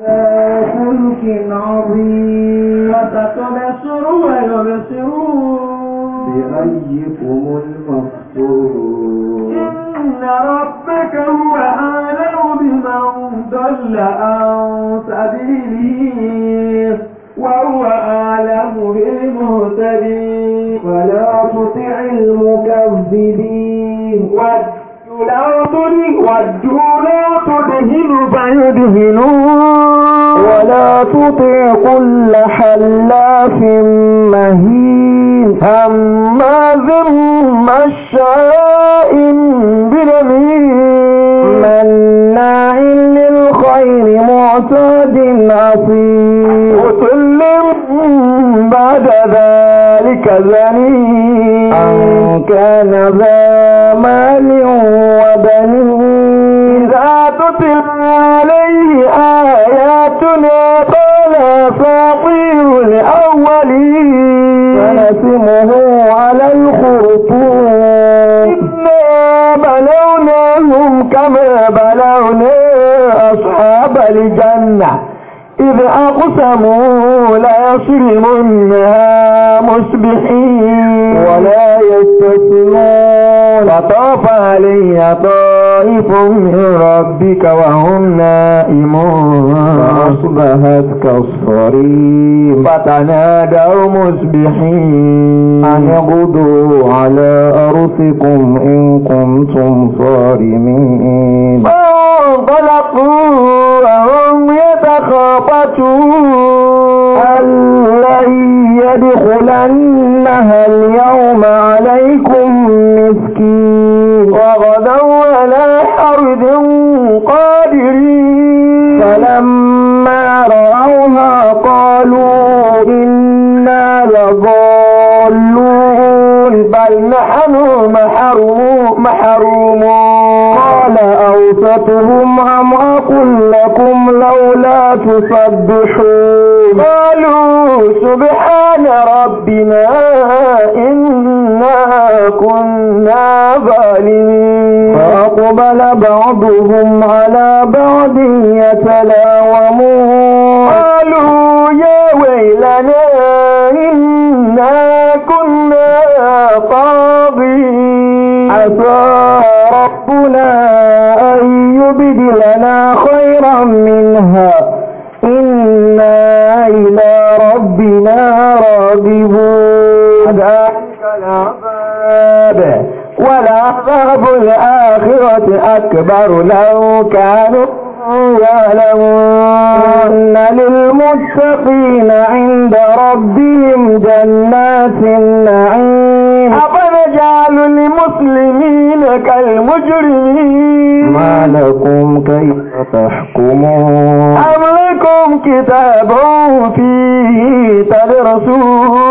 فلك عظيم فتبصر ويبصرون بأيكم المفتون إن ربك هو أعلم بمن ضل عن سبيله وهو أعلم بالمهتدين فلا تطع المكذبين تدري ودوا لا تدهن فيدهنون ولا تطع كل حلاف مهين هماز مشاء بنميم مناع للخير معتاد عصيم عتل بعد ذلك ذلك زني أن كان ذا مال وبنين إذا تتل عليه آياتنا قال أساطير الأولين فنسمه على الخرطوم إنا بلوناهم كما بلونا أصحاب الجنة إذ أقسموا يصرمنها مصبحين ولا يستثنون فطاف عليها طائف من ربك وهم نائمون فأصبحت كالصريم فتنادوا مصبحين أن اغدوا على أرثكم إن كنتم صارمين فانطلقوا وهم تخافتون أن يدخلنها اليوم عليكم مسكين وغدوا على حرد قادرين فلما رأوها قالوا إنا لضالون بل نحن محرومون محرومون قال أوسطهم أم أقل لكم لولا تسبحون قالوا سبحان ربنا إنا كنا ظالمين فأقبل بعضهم على بعض يتلاومون قالوا يا ويلنا منها إنا إلى ربنا راغبون العذاب ولعذاب الآخرة أكبر لو كانوا يعلمون إن للمتقين عند ربهم جنات النعيم أفنجعل المسلمين كالمجرمين ما لكم كيف تحكمون أم لكم كتاب فيه تدرسون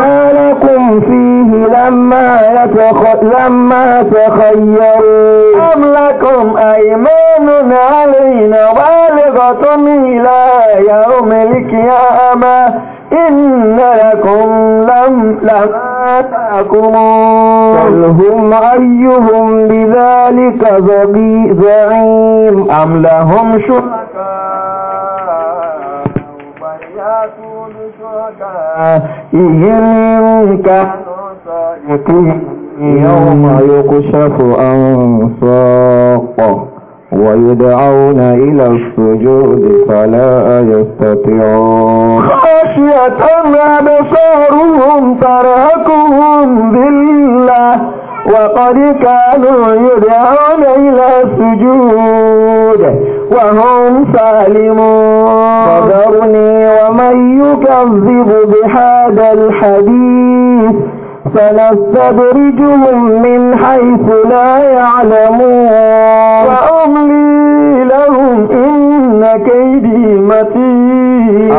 ما لكم فيه لما, يتخ... لما تخيرون أم لكم أيمان علينا بالغة إلى يوم القيامة إنكم لم لما تأكلون بل هم أيهم بذلك زعيم أم لهم شركاء فليأتوا بشركائهم إن كانوا صادقين يوم يكشف عن ويدعون إلى السجود فلا يستطيعون خاشية أبصارهم ترهقهم بالله وقد كانوا يدعون إلى السجود وهم سالمون فذرني ومن يكذب بهذا الحديث سنستدرجهم من حيث لا يعلمون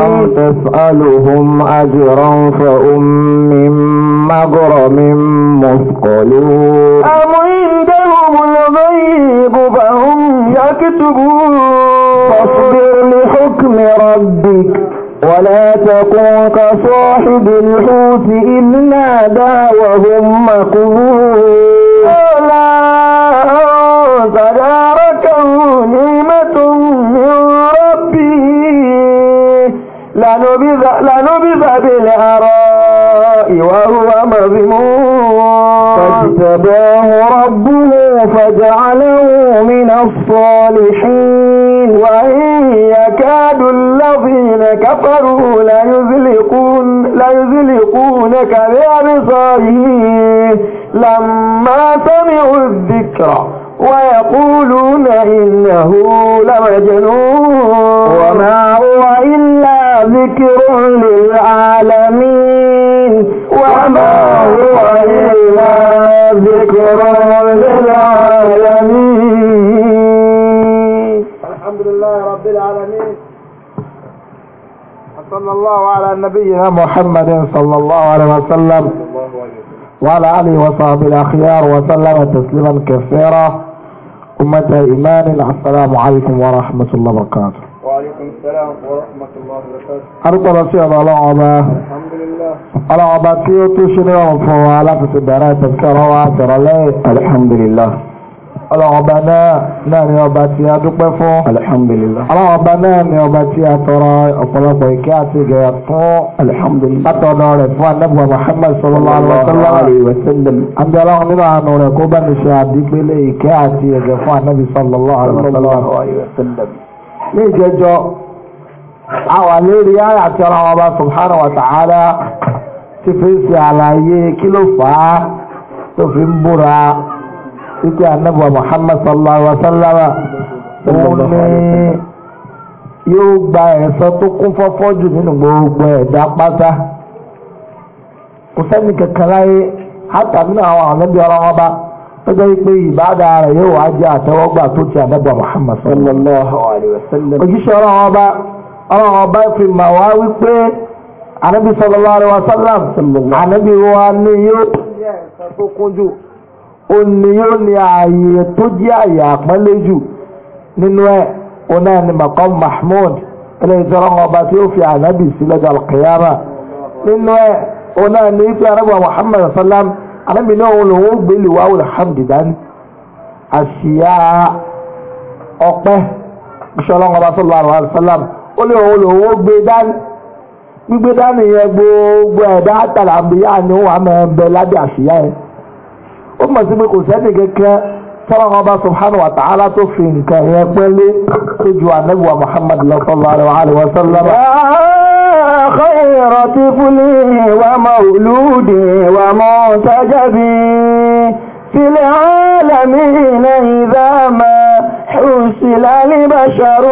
لم تسألهم أجرا فأم من مغرم مثقلون أم عندهم الغيب فهم يكتبون فاصبر لحكم ربك ولا تكون كصاحب الحوت إلا نادى وهم مقبول نبذ بالعراء وهو مذموم فاجتباه ربه فجعله من الصالحين وإن يكاد الذين كفروا ليزلقون ليزلقونك بأبصارهم لما سمعوا الذكر ويقولون إنه لمجنون وما هو إلا ذكر للعالمين وما هو إلا ذكر للعالمين الحمد لله رب العالمين صلى الله على نبينا محمد صلى الله عليه وسلم وعلى آله وصحبه الأخيار وسلم تسليما كثيرا أمة إيمان السلام عليكم ورحمة الله وبركاته Arúgbọ́dọ̀ sí ọ̀rọ̀ ọlọ́run ọba. Ọlọ́run ọba tí ó tó ṣe níwọ̀n fún wa láti ti bẹ̀rẹ̀ ìtẹ̀síkọ̀rọ̀ wa sọ̀rọ̀ lẹ́yìn. Alhamdulillah. Ọlọ́run ọba náà náà ni ọba tí a dúpẹ́ fún. Alhamdulillah. Ọlọ́run ọba náà ni ọba tí a tọrọ ọ̀pọ̀lọpọ̀ ìkẹ́ àti ìgẹ̀yà fún. Alhamdulillah. Látọ̀dọ̀ rẹ̀ fún Anábùwà Muhammad sallallahu alaihi wa sallam. ìkẹ́ àti ìgẹ̀ fún ní ìjẹjọ àwà lérí ayà tí ọ̀rọ̀ wọn bá subhanahu wa ta'ala ti fi ń ṣe àlàyé kí ló fà á tó fi ń búra títí anábọ̀ Muhammad sallallahu alaihi wa sallam òun ni yóò gba ẹ̀san tó kún fọ́fọ́ jù nínú gbogbo ẹ̀dá pátá kò sẹ́ni kankan láyé hátà nínú àwọn ànábì ọ̀rọ̀ wọn bá ọjọ́ ìpè ìbáda rẹ̀ yóò wá jẹ́ àtẹ́wọ́gbà tó ti àdàbà Muhammad sallallahu alayhi wa sallam. ojúṣe ọlọ́run ọba ọlọ́run ọba fi mà wá wípé anabi sallallahu alayhi wa sallam anabi wa ni yóò nínú ẹ̀ ó náà ní maqam mahmud ilé ọba tí ó fi ànábì sí lọ́jọ́ nínú ẹ̀ ó náà ní arábà Muhammad sallallahu alábì náà òun lòun ó gbélé wa òun alhamdi dání àṣìyá ọpẹ́ ìṣọlọ́ngọ́ bá sọ́lá àrùn àṣàlám ó lè òun lòun ó gbé dání gbígbé dání yẹn gbogbo ẹ̀dá àtàlàmbíyá ni ó wà máa ń bẹ lábẹ́ àṣìyá yẹn ó mọ̀ sí pé kò sẹ́ni kankan sọ́lọ́ngọ́ bá subhanahu wa ta'ala tó fi nǹkan yẹn pẹ́lẹ́ tó ju ànábì wa muhammad sallallahu alaihi wa خير طفلي ومولودي ومعتجبي في العالمين إذا ما حسل لبشر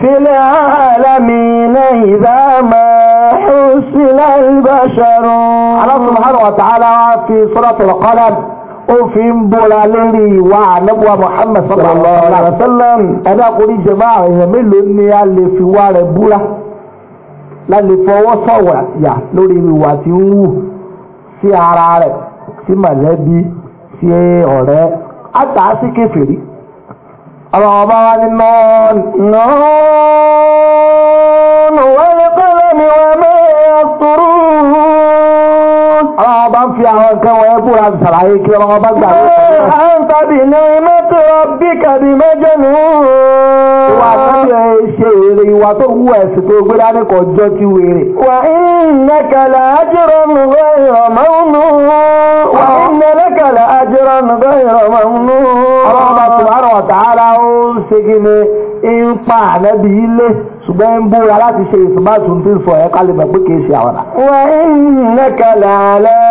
في العالمين إذا ما حسل البشر على سبحانه وتعالى في سورة القلم وفي بولا لري ونبوى محمد صلى الله عليه وسلم انا أقول جماعة يملوني اللي في وارد la fọwọ́ sọ̀wọ́ yà lórí ìwà tí ń wù sí ara rẹ̀ sí mọ̀lẹ́bí sí ọ̀rẹ́ àtà sí kèfèrí ọ̀rọ̀ ọba wa ni nọ́ọ̀nù wọ́n lè kọ́lẹ̀ mi wọ́n mẹ́rin ń fi àwọn nǹkan wọn ẹ́bù ra ṣàlàyé kí ọmọ bá gbà ní ọ̀pọ̀. à ń tàbí ní mẹ́tò bí kàbí méjì nù. wà á tàbí ẹ ṣe èrè ìwà tó wú ẹ̀sìn tó gbé dání kọ jọ ti wèrè. wà ìnà kàlà àjẹrọ nù bá ìrọ̀mọ́ nù. wà ìnà kàlà àjẹrọ nù bá ìrọ̀mọ́ nù. ọlọ́mọba tùmárọ̀ tààrà ó ń ṣe kí ni ń ilé ṣùgbọ́n ń búra láti ṣe ìsúnbàtún tí ń sọ ẹ̀ kálí mọ̀ kì í ṣe àwọn náà. wà ìnà kàlà àlẹ́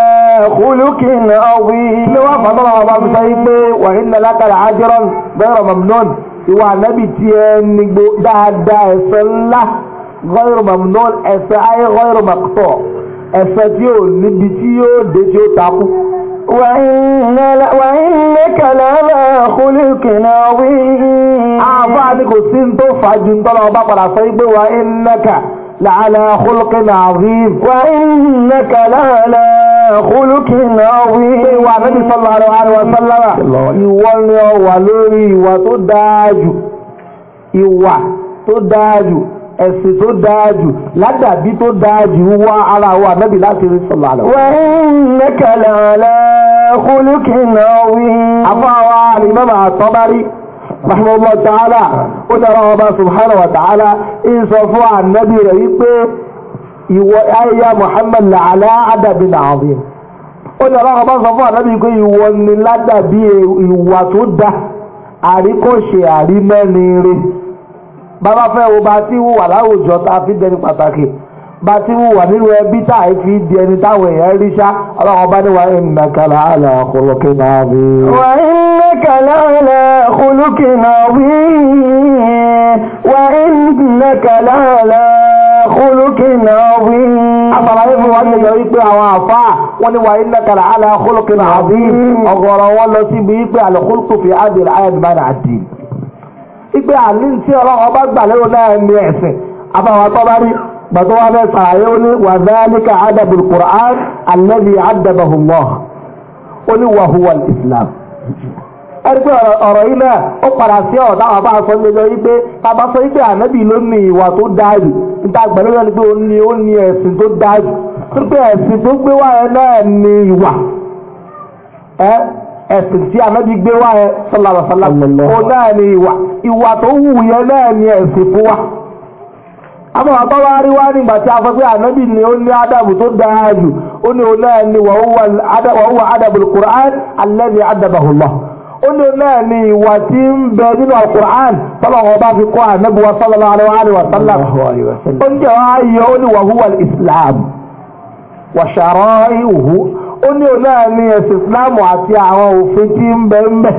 khuluqin azim. ní wọ́n fà tọ́lá ọba fi sọ yìí pé wa inna laka ajran ghayra mamnun ìwà ànábì tiẹ̀ nígbó dáadáa ẹ̀sẹ̀ ńlá ghayra mamnun ẹ̀sẹ̀ ayé ghayra maqtu ẹ̀sẹ̀ tí yóò níbi tí yóò dé tí wa innaka lala khuluqin azim khuluqin azim. pé ìwà Ànábì sallallahu alaihi wa sallam ìwọ ni ọ wà lórí ìwà tó dáa jù ìwà tó dáa jù ẹ̀sìn tó dáa jù ládàbí tó dáa jù wá ara wa Ànábì láti rí sallallahu alaihi wa sallam. wa innaka la'ala khuluqin azim. àfọwọ́ àlìmọ́mà àtọ́bárí rahmatullahi ta'ala ó dára ọba subhanahu wa ta'ala ń sọ fún ànábì rẹ̀ wípé ìwọ ayá muhammad làálá àdàbí làwọn ó ní ọlọ́run bá sọ fún ànábì pé ìwọ ni ládàbí ìwà tó dá àríkọ́ṣe àrímẹ́rinre bàbá fẹ́ wo bá ti wùwà láwùjọ tá a fi dẹni pàtàkì bá ti wùwà nínú ẹbí tá a fi di ẹni táwọn èèyàn rí ṣá ọlọ́run bá ní wa innaka la'ala khuluqin azim. wa innaka la'ala khuluqin azim wa innaka la'ala khuluqin azim. àtàlàyé fún wa gbẹ̀gbẹ̀ wípé àwọn àfa wọ́n ní wàá iná kàrà ala khuluqin azim ọ̀gọ̀rọ̀ wọn lọ síbi wípé al-khuluqu fi adìrẹ ayélujára àdì. wípé àlín tí ọlọ́run bá gbà lérò náà ní ẹ̀sìn àbáwọn àtọ́bárí bàtọ́ wa fẹ́ sàlàyé ó ní wa dhalika adabul Qur'an alladhi adabahu Allah ó ní wa huwa al ẹgbẹ́ ọ̀rọ̀ yìí náà ó padà sí ọ̀dá àwọn bá sọ nígbà wípé tá a bá sọ wípé ànábì ló ní ìwà tó dáa jù níta gbẹ̀rẹ̀ lọ́nà pé ó ní ó ní ẹ̀sìn tó dáa jù pípẹ́ ẹ̀sìn tó gbé wá ẹ náà ní ìwà ẹ̀sìn tí ànábì gbé wá ẹ sọlọ́sọlá ó náà ní ìwà ìwà tó wù yẹn náà ní ẹ̀sìn fún wa. àmọ́ bàbá wa rí wá nígbà tí a sọ pé ànábì ni ó ní ádàbù tó dáa ó ní ó náà ní wàhùwà ádàbù al-Qur'an ó ní náà ni ìwà tí ń bẹ nínú alukur'an tọ́lọ́wọ́ bá fi kọ́ ànábùwà sallallahu alaihi wa sallam ó ń jẹ́ ayé ó ní wàhúwà islam wa shara'i'uhu ó ní náà ni ẹ̀sìn islam àti àwọn òfin tí ń bẹ ń bẹ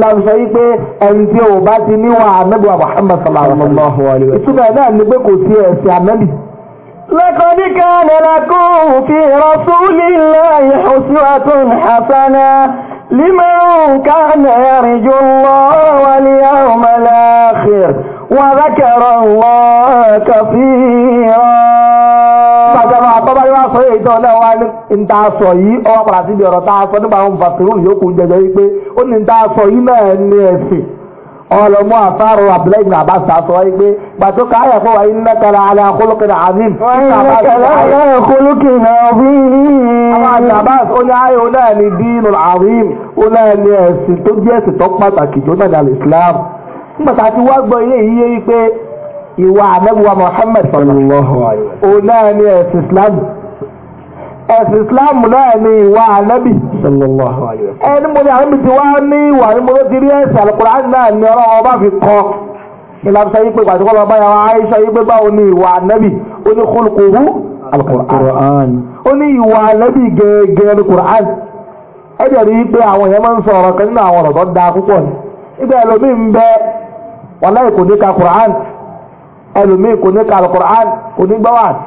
lọ́sọ yìí pé ẹni tí o bá ti níwà ànábùwà muhammad sallallahu alaihi wa sallam ìtumọ̀ náà ni pé kò sí ẹ̀sìn ànábì. لقد كان لكم في رسول الله حسوة حسنة لمن كان يرجو الله واليوم الآخر وذكر الله كثيرا Ìgbàjọba àtọ́bá yóò sọ èyí tó náà wá ní ta sọ yìí, ọwọ́ padà síbi ọ̀rọ̀ ta sọ nípa àwọn fàṣírùn yóò kú jẹjẹ wípé ó ní ta sọ yìí náà ní ẹ̀sìn ọlọmọ àfáàrọ abdullahi ibn abbas ta sọ wáyé pé gbàtó ká àyà fún wa iná kala ala kólókìnà azim. wọ́n iná kala ala kólókìnà azim. àwọn àti abbas ó ní ayé ó náà ní dínú azim ó náà ní ẹ̀sìn islam náà ni ìwà ànábì. ẹni mo ní ànábì ti wá ní ìwà ni mo ló ti rí ẹ̀sìn àlùkùránì náà ni ọlọ́run ọba fi kọ́ ìlànà sọ yí pé pàṣẹ kọ́lọ́ báyà wá Aisha yí pé báwo ni ìwà ànábì ó ní kúlùkùrù àlùkùránì. ó ní ìwà ànábì gẹ́gẹ́ àlùkùránì. ẹ jẹ́ rí i pé àwọn èèyàn máa ń sọ ọ̀rọ̀ kan nínú àwọn ọ̀rọ̀ tó dáa púpọ̀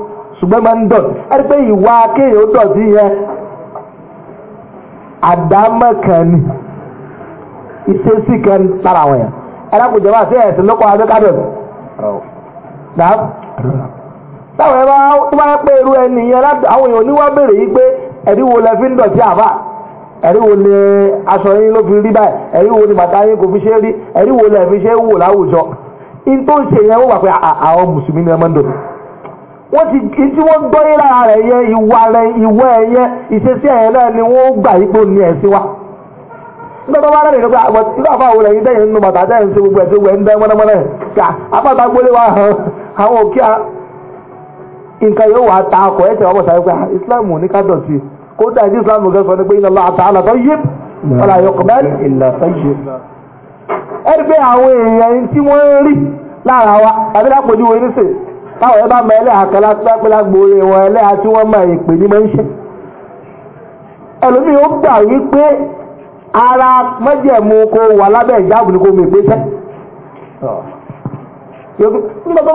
ṣùgbọ́n máa ń dọ̀tí ẹni pé ìwà kéèyàn ó dọ̀tí yẹn àdámọ̀ kan ni ìṣesí kan lára àwọn yẹn ẹ̀rọ kò jọba àti ẹ̀sìn ló kọ́ abẹ́ kádọ̀tí. táwọn ẹ bá tó bá yẹ pé irú ẹni yẹn àwọn èèyàn oníwà béèrè yìí pé ẹ̀rí wo lẹ fi ń dọ̀tí àbá ẹ̀rí wo ni aṣọ yín ló fi rí báyìí ẹ̀rí wo ni bàtà yín kò fi ṣe rí ẹ̀rí wo lẹ fi ṣe wò láwùjọ in tó ń ṣe yẹn wọ́n wà pé àwọn mùsùlùmí ni ẹ máa ń dọ̀tí wọ́n ti tí wọ́n gbọ́ yín lára rẹ̀ yẹ ìwà rẹ̀ ìwọ ẹ̀yẹ ìṣesí ẹ̀yẹ náà ni wọ́n gbà yípo ní ẹ̀sìn wa. nígbà bá rẹ̀ nìkan tí wọ́n fáwọn olùyìn dẹ́yìn nínú bàtà dẹ́yìn sí gbogbo ẹ̀sìn wẹ̀ ń dẹ́ mọ́nàmọ́nà kà apáta gbólé wa hàn àwọn òkè nǹkan yóò wà ta akọ̀ ẹ̀sẹ̀ wà bọ̀sà pé ah, Islam ní ká dọ̀tí kódà ní Islam gan sọ ni pé Allah ta'ala tayyib wala yuqbal táwọn ẹ bá mọ ẹlẹ́hà kan lápẹ́pẹ́lá gbòòrè wọn ẹlẹ́hà tí wọ́n mọ èpè ní máa ń ṣe ẹlòmíì ó gbà wípé ara mọ́jẹ̀mú kó wà lábẹ́ ìjáàbù ni bá tó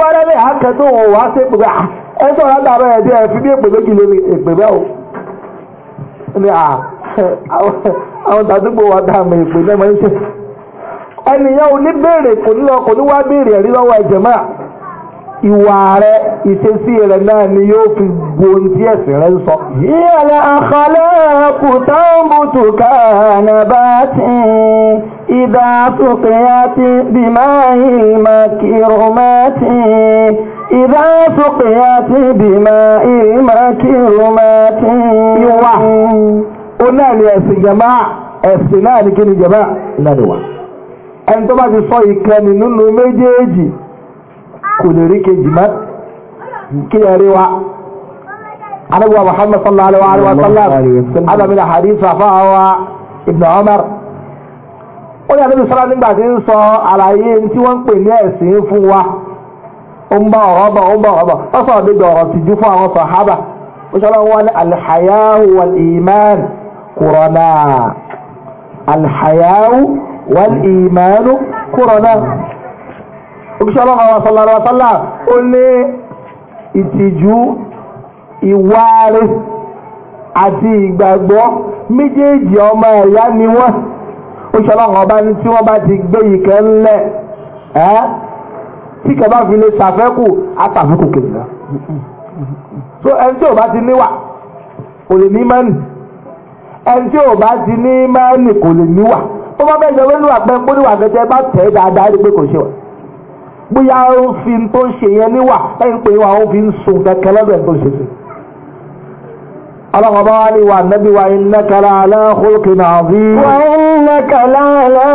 wá sí bẹ́ẹ̀ ah, ẹ̀ fi bí méjì lórí bẹ́ẹ̀ o ni ah, àwọn tàdúgbò wa dá àmì èpè náà máa ṣe ẹnìyàn ò kò ní lọ kò ní wá béèrè ìwà rẹ ìṣesí rẹ náà ni yóò fi gbohun tí ẹ̀sìn rẹ ń sọ. yíyàlẹ̀ àkàlẹ́ kò tábùtù kàánà bá ti ìdá sùkìyà ti bí máa yìí máa kírun máa ti ìdá sùkìyà ti bí máa yìí máa kírun máa ti. ìwà ó náà ni ẹ̀sìn jẹ̀má ẹ̀sìn náà ni kí ni jẹ̀má náà ni wà. ẹni tó bá ti sọ ìkànnì nínú méjèèjì. كوليريكي جمال كياريوا أنا هو محمد صلى الله عليه وآله وسلم هذا من حديث رفعه ابن عمر ولا نبي صلى الله عليه وسلم صلى الله عليه أنت وان قلنا سين فوا أمبا ربا أمبا ربا أصلا بدو رسي جفا وصحابة وإن شاء الله وان الحياة والإيمان قرنا الحياة والإيمان قرنا òṣìṣọ́lọ́wọ́ àwọn sọ́lọ́wọ́sọ́lá ó lé ìtìjú ìwáre àti ìgbàgbọ́ méjèèjì ọmọ ẹ̀yà ni wọ́n òṣìṣọ́lọ́wọ́ ọba ní tí wọ́n bá ti gbé ìkẹ́ ńlẹ̀ ẹ́ tí kẹba fi lè ṣàfẹ́kù àtàfẹ́kù kejì náà so ẹni tí ò bá ti níwà kò lè ní mẹ́nu ẹni tí ò bá ti ní mẹ́nu kò lè níwà ó bá bẹ́ẹ̀ jẹ́ wọ́n níwà kó níwà kẹtẹ́ bá tẹ̀ dáadáa rí pé kò ṣe wà bóyá ó fi tó ń ṣe yẹn níwà ẹ̀yìn pé wà ó fi ń sun kẹ̀kẹ́ lọ́dọ̀ ẹ̀ tó ṣe sí. ọlọ́run ọba wa ni wà nẹ́bí wa innaka la'ala khuluqin azim. wa innaka la'ala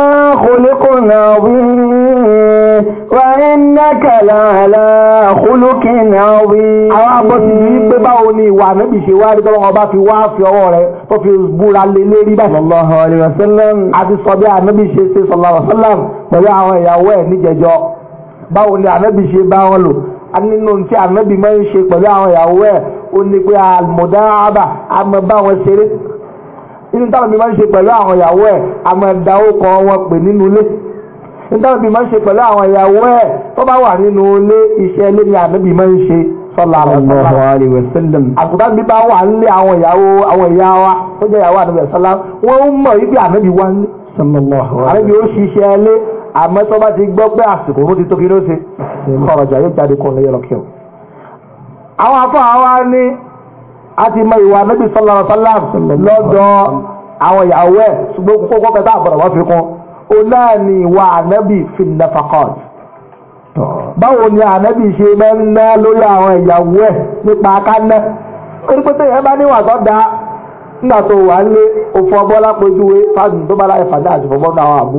khuluqin azim. wa innaka la'ala khuluqin azim. àwọn àbọ̀ ti pé báwo ni ìwà nẹ́bí ṣe wá rí tọ́lọ́run fi wá fi ọwọ́ rẹ̀ tó fi búra lé lérí báyìí. sallallahu alaihi wasallam àti sọ bí ànẹ́bí ṣe ṣe sallallahu alaihi pẹ̀lú àwọn ìyàwó ẹ̀ níjẹjọ́ báwo ni ànábì ṣe bá wọn lò nínú tí ànábì máa ń ṣe pẹ̀lú àwọn ìyàwó ẹ̀ ó ní pé àmọ̀dá àbà a mọ bá wọn ṣeré nínú táwọn bí máa ń ṣe pẹ̀lú àwọn ìyàwó ẹ̀ a mọ da ókọ wọn pè nínú ilé nínú táwọn bí máa ń ṣe pẹ̀lú àwọn ìyàwó ẹ̀ tó bá wà nínú ilé iṣẹ́ ilé ni ànábì máa ń ṣe sallallahu alaihi bí bá wà nílé àwọn ìyàwó àwọn ìyá wa tó jẹ́ ìyàwó ànábì sallallahu wọ́n mọ̀ wípé ànábì wá ní ànábì ó ṣiṣẹ́ ilé àmọ́ tó bá ti gbọ́ pé àsìkò ó ti tó kí ló ṣe kọ̀rọ̀jà yóò jáde kọ́ lóyè lọ́kẹ́ o. àwọn afọ àwa ní a ti mọ ìwà níbi sallallahu alaihi lọ́dọ̀ àwọn ìyàwó ẹ̀ ṣùgbọ́n kókó kọ́ kẹta àbọ̀rọ̀ wọ́n fi kún o náà ní ìwà ànábì fi nafaqat. báwo ni ànábì ṣe máa ń ná lórí àwọn ìyàwó ẹ̀ nípa akáná onípẹ́tẹ́ yẹn bá níwà tó dáa nígbà tó wà ń lé òfò ọbọ̀ lápòjúwe fáàdùn tó bá láyé fàdá àti náà àbú.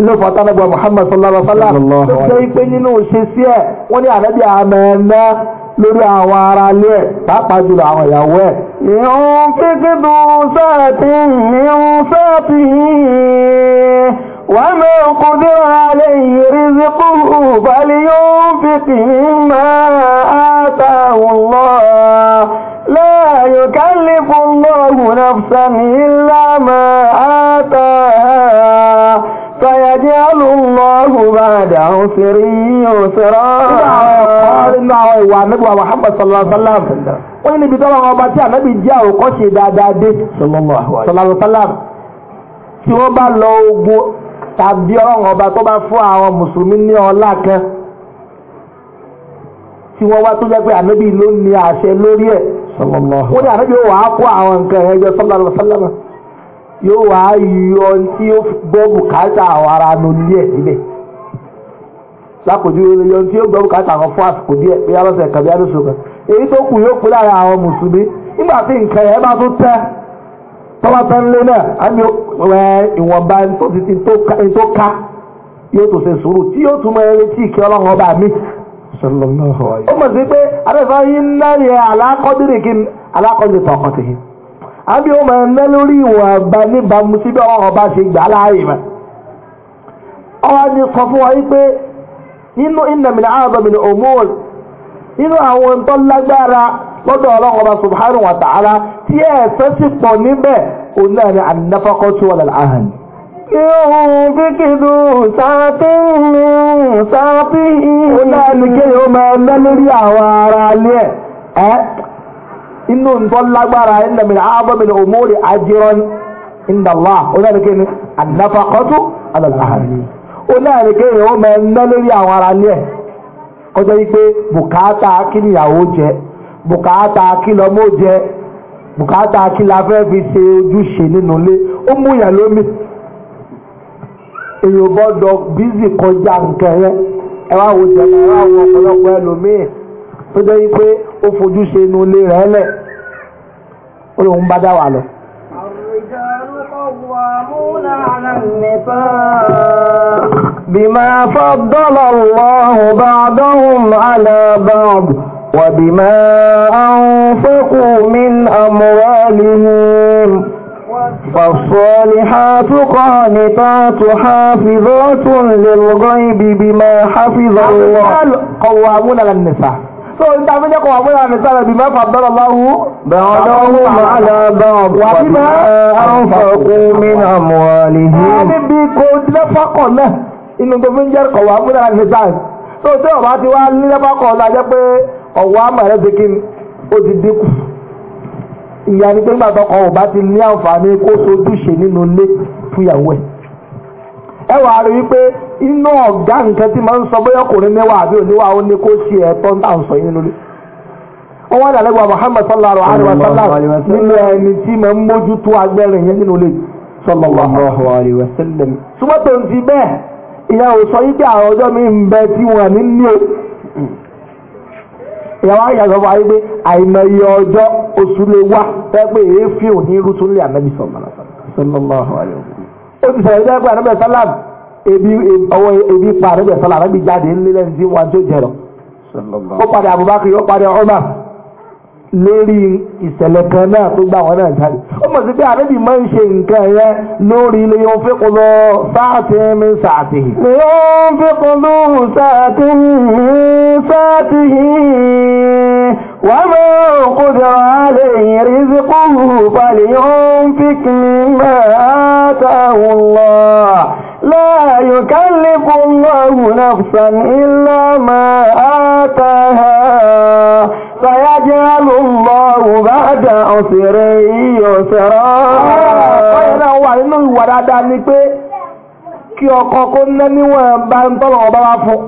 inú fata nàgbà Muhammad sallallahu alaihi wa sallam tó jẹ́ pé nínú òṣèṣì ẹ̀ wọ́n ní ànábì àmẹ́ẹ̀mẹ́ lórí àwọn ará ilé ẹ̀ pàápàá jùlọ àwọn ìyàwó ẹ̀. ìhun fífi dùn sẹ́ẹ̀tì ìhun sẹ́ẹ̀tì wọ́n mẹ́ òkú dé alẹ́ ìrísí kúrú balẹ̀ yóò fi tì í máa àtàwọn lọ. لا يكلف الله نفسا إلا ما آتى òṣèré òṣèré. nígbà àwọn ẹ̀kọ́ nínú àwọn ìwà anábìwà Muhammad sallallahu alayhi wa sallam wọ́n ní níbi tó lọ́wọ́ ọba tí anábì jẹ́ àwòkọ́ṣe dáadáa dé sallallahu alayhi wa sallam tí wọ́n bá lọ ogun tàbí ọlọ́run ọba tó bá fún àwọn mùsùlùmí ní ọlá kan tí wọ́n wá tó jẹ́ pé ànábì ló ní àṣẹ lórí ẹ̀ wọ́n ní ànábì yóò wá kó àwọn nǹkan ẹ̀ jọ sallallahu alaihi wasallam yóò wá yọ tí ó gbọ́ bùkátà àwọn ará nulí ẹ̀ níbẹ̀. lápòjú yọ tí ó gbọ́ bùkátà àwọn fún àsìkò díẹ̀ bí alọ́sẹ̀ kàbí alóṣù kan èyí tó kù yóò pè lára àwọn mùsùlùmí nígbà tí nǹkan ẹ̀ bá tún tẹ́ tọ́wọ́ ńlé náà á ní ìwọ̀nba tó ká yóò tó ṣe sùúrù tí yóò tún mọ tí ìkẹ́ ọlọ́run ọba mi. ó mọ̀ sí pé yín náà yẹ ó máa ná lórí ìwọ̀nba níbàámu sí bí ọlọ́run ọba ṣe gbà láàyè mọ́. inú iná mi ní ààbọ̀ mi ní òmùwọ̀n inú àwọn tó lágbára lọ́dọ̀ ọlọ́run ọba subhanahu wa ta'ala tí ẹ̀sẹ̀ sì pọ̀ níbẹ̀ òun náà ni ànáfàkọ́tù wà láàhàn. Yóòbíkìdù sáàtìmí sáàtìmí. Ó náà ní kí yóò máa ná lórí àwọn ará alẹ́ ẹ̀. Inú nǹkan lágbára inna min a'zami al-umuri ajran inda Allah. Ó náà ní kí ni ànáfàkọ́tù ó náà ike kéèyàn ó máa ná lórí àwọn ara ní ẹ̀ kọjá wípé bùkátà kí nìyàwó jẹ bùkátà kí lọmọ jẹ bùkátà kí la fẹ́ fi ṣe ojúṣe nínú ilé ó mú yàn lómi èrò bọ́dọ̀ bízì kọjá nǹkan yẹn ẹ wá wo jẹ ẹ wá wo ọ̀pọ̀lọpọ̀ ẹlòmíì jẹ́ wípé ó fojú ṣe ilé قوامون على النساء بما فضل الله بعضهم على بعض وبما أنفقوا من أموالهم فالصالحات قانتات حافظات للغيب بما حفظ الله قوامون على النساء so nta fi jẹ́ kọ́ wà múra nìta rẹ̀ bí má fà bẹ́rẹ̀ lọ́wọ́. bẹ̀rẹ̀ lọ́wọ́ máa lọ bá ọ̀pọ̀ bá àǹfààkú mìíràn mọ́ àlejò. níbi kò lẹ́fà kọ̀ ẹ wà á rí wípé iná ọ̀gá nǹkan tí máa ń sọ bóyá ọkùnrin mẹ́wàá àbí òníwà ó ní kó ṣe ẹ̀tọ́ ń sọ yín lórí. wọ́n wá dàlẹ́gbà sallallahu alayhi wa sallam nínú ẹni tí máa ń mójútó agbẹ́rin yẹn nínú ilé sallallahu alayhi wa sallam. sumọ́tò ń ti bẹ́ẹ̀ ìyá ò sọ yí àwọn ọjọ́ mi ń bẹ tí wọ́n ní ní o. ìyàwó àyàgbọ́ pé àìmọye ó ti sọ̀rọ̀ ìjọba pé àrẹ́bẹ̀ sálàm ebi ọwọ́ ebi pa àrẹ́bẹ̀ sálàm àrẹ́bẹ̀ jáde ńlẹ́lẹ́ ní tí wọ́n tó jẹ̀rọ ó padà Abubakar ó padà Umar lórí ìṣẹ̀lẹ̀ kan náà tó gbà wọ́n náà jáde ó mọ̀ sí pé àbẹ́bí máa ń ṣe nǹkan yẹn lórí ilé yóò fi kún lọ sáàtì mi sáàtì. yóò fi kún lọ sáàtì mi sáàtì wọ́n máa ń kó yìí rí sí kúrú balẹ̀ yóò fi kún mi àtàwọn lọ. لا يكلف الله نفسا إلا ما آتاها Sàyájẹ́lú lọ́wọ́ bàdà ọ̀sẹ̀rẹ̀ yíyọ̀ sẹ̀rọ̀. Ọ̀yẹ́ náà wà nínú ìwà dáadáa ni pé kí ọkọ kó ná níwọ̀n bá ń tọ́lọ̀ ọba wá fún.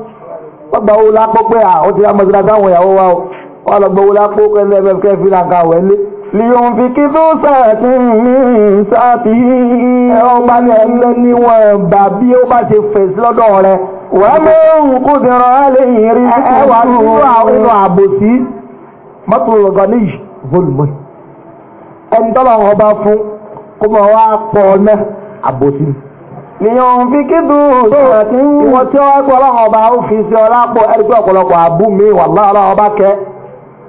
Wọ́n gba owó lápò pé à ó ti rá mọ̀sílá sáwọn ìyàwó wa o. Wọ́n lọ gba owó lápò pé ẹni ẹgbẹ́ fẹ́ fi ra nǹkan àwẹ̀ lé. fi kí tó sàtì ní sàtì. mọ́tòrò gani yìí volume wọn bá fún kó mọ̀ wá pọ̀ ọ́nà àbòsí. nìyàn fi kíndù sọ̀rọ̀tì ìwọ̀n tí ọba fi ṣe ọlápọ̀ ẹni ọ̀pọ̀lọpọ̀ àbú mi wà ọba kẹ́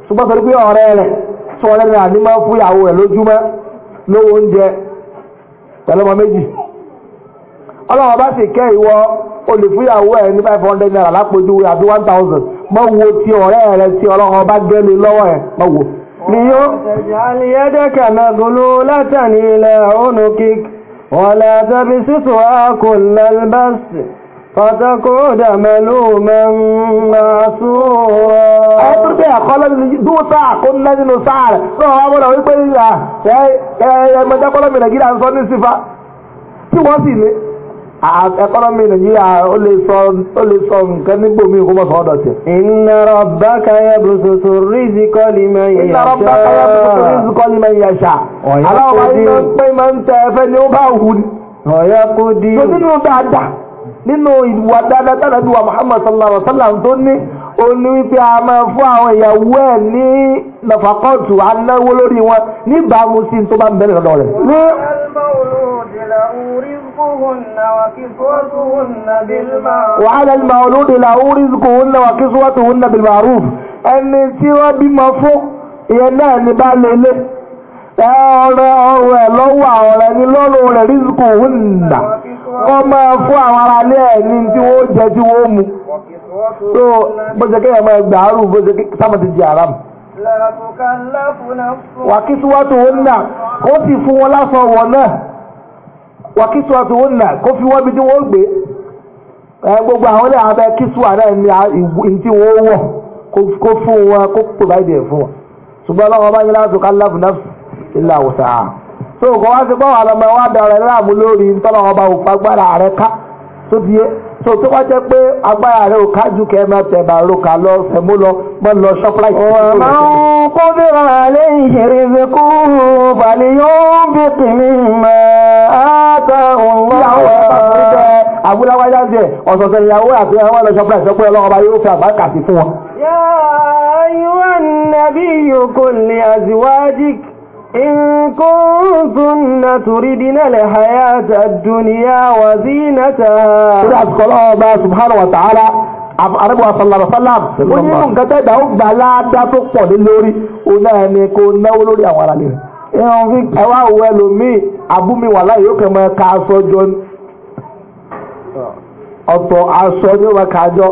ṣùgbọ́n pé ọ̀rẹ́ rẹ̀ tí wọ́n fún ìyàwó rẹ̀ lójúmọ́ lówó oúnjẹ o lè fún ìyàwó ẹ̀ ní five hundred naira lápòjúwe àbí one thousand mọ wo ti ọ̀rẹ́ rẹ tí ọlọ́run bá gé mi lọ́wọ́ ẹ̀ mọ wo. Niyó. Àlìyédèkà náà gbolú látàní ilẹ̀ ònù kík. Wọ́n lè tẹ́bi sísò àkùnlẹ̀ bẹ́sì. Fọ́tẹ́kọ́dà mẹ́lú mẹ́màṣúra. Ẹ tó bẹ́ àkọ́lọ́ nínú sáà kó ńlẹ́ nínú sáà rẹ̀. Náà wọ́n mọ̀nà wípé ẹ̀ẹ́dẹ́gbẹ́dẹ́kọ́lọ́ mi Nàìjíríà ń sọ ní sífà. Tí wọ́n sì lé ẹkọ́nọ́mì nàìjíríà ó lè sọ nǹkan nígbòmí kó mọ́ sọ́ọ́dọ̀ sí. inna rabbaka yabsutu rizqa liman yasha. inna rabbaka yabsutu rizqa liman yasha. aláwọ̀ bá yín náà pé máa ń tẹ ẹfẹ́ ni ó bá wù ní. ọ̀yọ́ kò di. tó nínú dáadáa nínú ìwà ó ní wípé a máa fún àwọn ìyàwó ẹ̀ ní nàfàkọ́ọ̀tù anáwó lórí wọn níbàámu sí tó bá ń bẹ̀rẹ̀ lọ́dọ̀ rẹ̀. ní وعلى المولود له رزقهن وكسوتهن بالمعروف ẹni tí wọ́n bímọ fún ìyẹn náà ní bá lélẹ̀ ọ̀rẹ́ ọ̀rọ̀ ẹ̀ lọ́wọ́ àwọn ọ̀rẹ́ ní lọ́rùn hùn nà kọ́ máa fún tí wọ́n jẹ so bọ́jẹ́ kẹ́yà máa gbà àrùn bọ́jẹ́ sáma ti di àràm. wàkísíwátò wọn nà kó sì fún wọn lásán wọn náà wàkísíwátò wọn nà kó fi wọn bí tí wọn gbé gbogbo àwọn ilé àwọn abẹ́ kíṣùwà náà ní ìyí tí wọn wọ kó fún wọn kó provide ẹ̀ fún wọn ṣùgbọ́n ọlọ́wọ́ bá yẹ láti ká láàbù náà ilé àwòsàn àá so kò wá sí pé àwọn ọmọ wa dára ẹ̀ láàmú lórí ntọ́lọ́wọ́ bá òfagbára rẹ̀ ká tó di so tó wá jẹ́ pé agbára rẹ̀ ò kájú kẹ́ máa tẹ̀bà roka lọ fẹ̀mú lọ mọ́ lọ Shoprite. ọ̀rọ̀ máa ń kó bíra lé ìṣeré fi kú balẹ̀ yóò fi tìmí mọ́ àtà òun lọ́wọ́. àbúláwá yá jẹ ọ̀sọ̀ọ̀sẹ̀ ìyàwó àti àwọn ọlọ́ Shoprite sọ pé ọlọ́run yóò fi àbákà sí fún wọn. yá ayúwà nàbí yòókù lè àzíwájú kì إن كنتن تردن الحياة الدنيا وزينتها سيدة الصلاة الله سبحانه وتعالى àrẹ́bọ̀ asọ́lára sálàm ó ní nínú nǹkan tẹ́ẹ̀dá ó gbà láàdá tó pọ̀ ní lórí ó náà náwó lórí àwọn ara rẹ̀ ẹ̀hún fi ẹwà òwe ẹlòmíì wà láyé aṣọ jọ aṣọ ó kájọ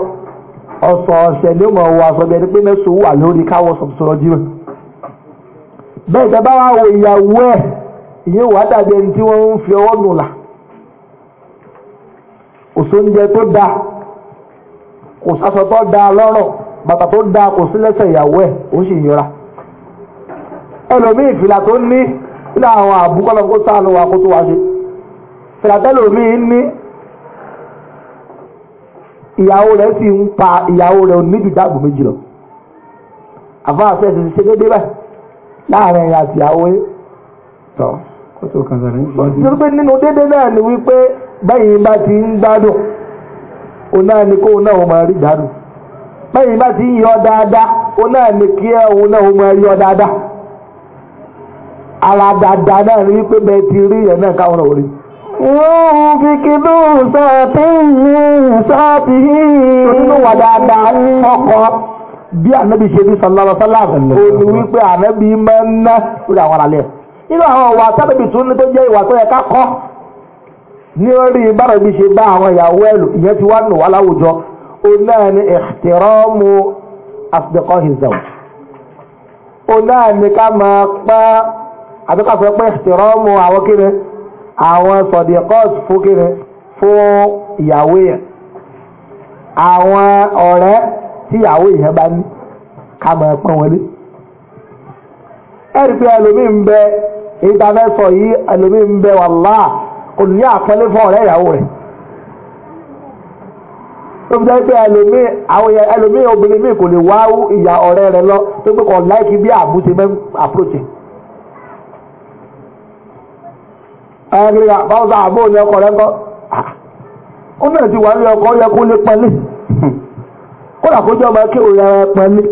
ó aṣọ pé án wà lórí bẹ́ẹ̀ tẹ́ bá wà wò ìyàwó ẹ̀ ìyẹn wà dàbí ẹni tí wọ́n ń fi ọwọ́ nù là kò sóúnjẹ tó dáa kò sásọ tó dáa lọ́rọ̀ bàtà tó dáa kò sí lẹ́sẹ̀ ìyàwó ẹ̀ ó sì yọra ẹlòmíì fìlà tó ní nínú àwọn àbúkọ́lọ́ wa kó tó wá ṣe fìlà tẹ́lòmíì ní ìyàwó rẹ̀ sì ń pa ìyàwó rẹ̀ ò ní jù dáàbò méjì lọ láàrin ya àti wee. tọ́ kó tó kàn sàrẹ̀ nípa ọdún. nínú dédé náà ni wípé bẹ́yìn bá ti ń gbádùn òun náà ni kóun náà ó máa rí gbádùn bẹ́yìn bá ti ń yọ dáadáa náà ni kí náà máa rí ọ dáadáa ara dáadáa náà wípé ti rí náà káwọn Wọ́n fi sàtìyìn. wà dáadáa ọkọ̀ bí ànábì ṣe bí sallallahu alaihi wasallam ó ní wípé ànábì máa ń ná lórí àwọn àlẹ́ nínú àwọn ọ̀wà tábìbì tún ní tó jẹ́ ìwà tó yẹ ká kọ́ ní orí bárẹ̀bí ṣe bá àwọn ìyàwó ẹ̀lù ìyẹn ti wá nù wá láwùjọ ó náà ní ihtiramu asdiqahi zawj ó náà ní ká máa pẹ́ àbíkàfẹ́ pé ihtiramu àwọn kíni àwọn sadiqat fún kíni fún ìyàwó yẹn àwọn ọ̀rẹ́ tíyàwó èèyàn bá ní ká máa pọ́n wọn lé. pé ẹlòmíín bẹ èyí yìí ẹlòmíín bẹ kò ní àpọ́nlé fún ọ̀rẹ́ ìyàwó rẹ̀. tó fi jẹ́ pé ẹlòmíín àwọn ẹlòmíín obìnrin míì kò lè wá ọ̀rẹ́ lọ tó láìkí bí mẹ́ rẹ̀ ó ti wà ní ọkọ yẹ kó lè pẹ́lẹ́. kọ́nà kó jẹ́ ọmọ akéwò yàrá pọn ní.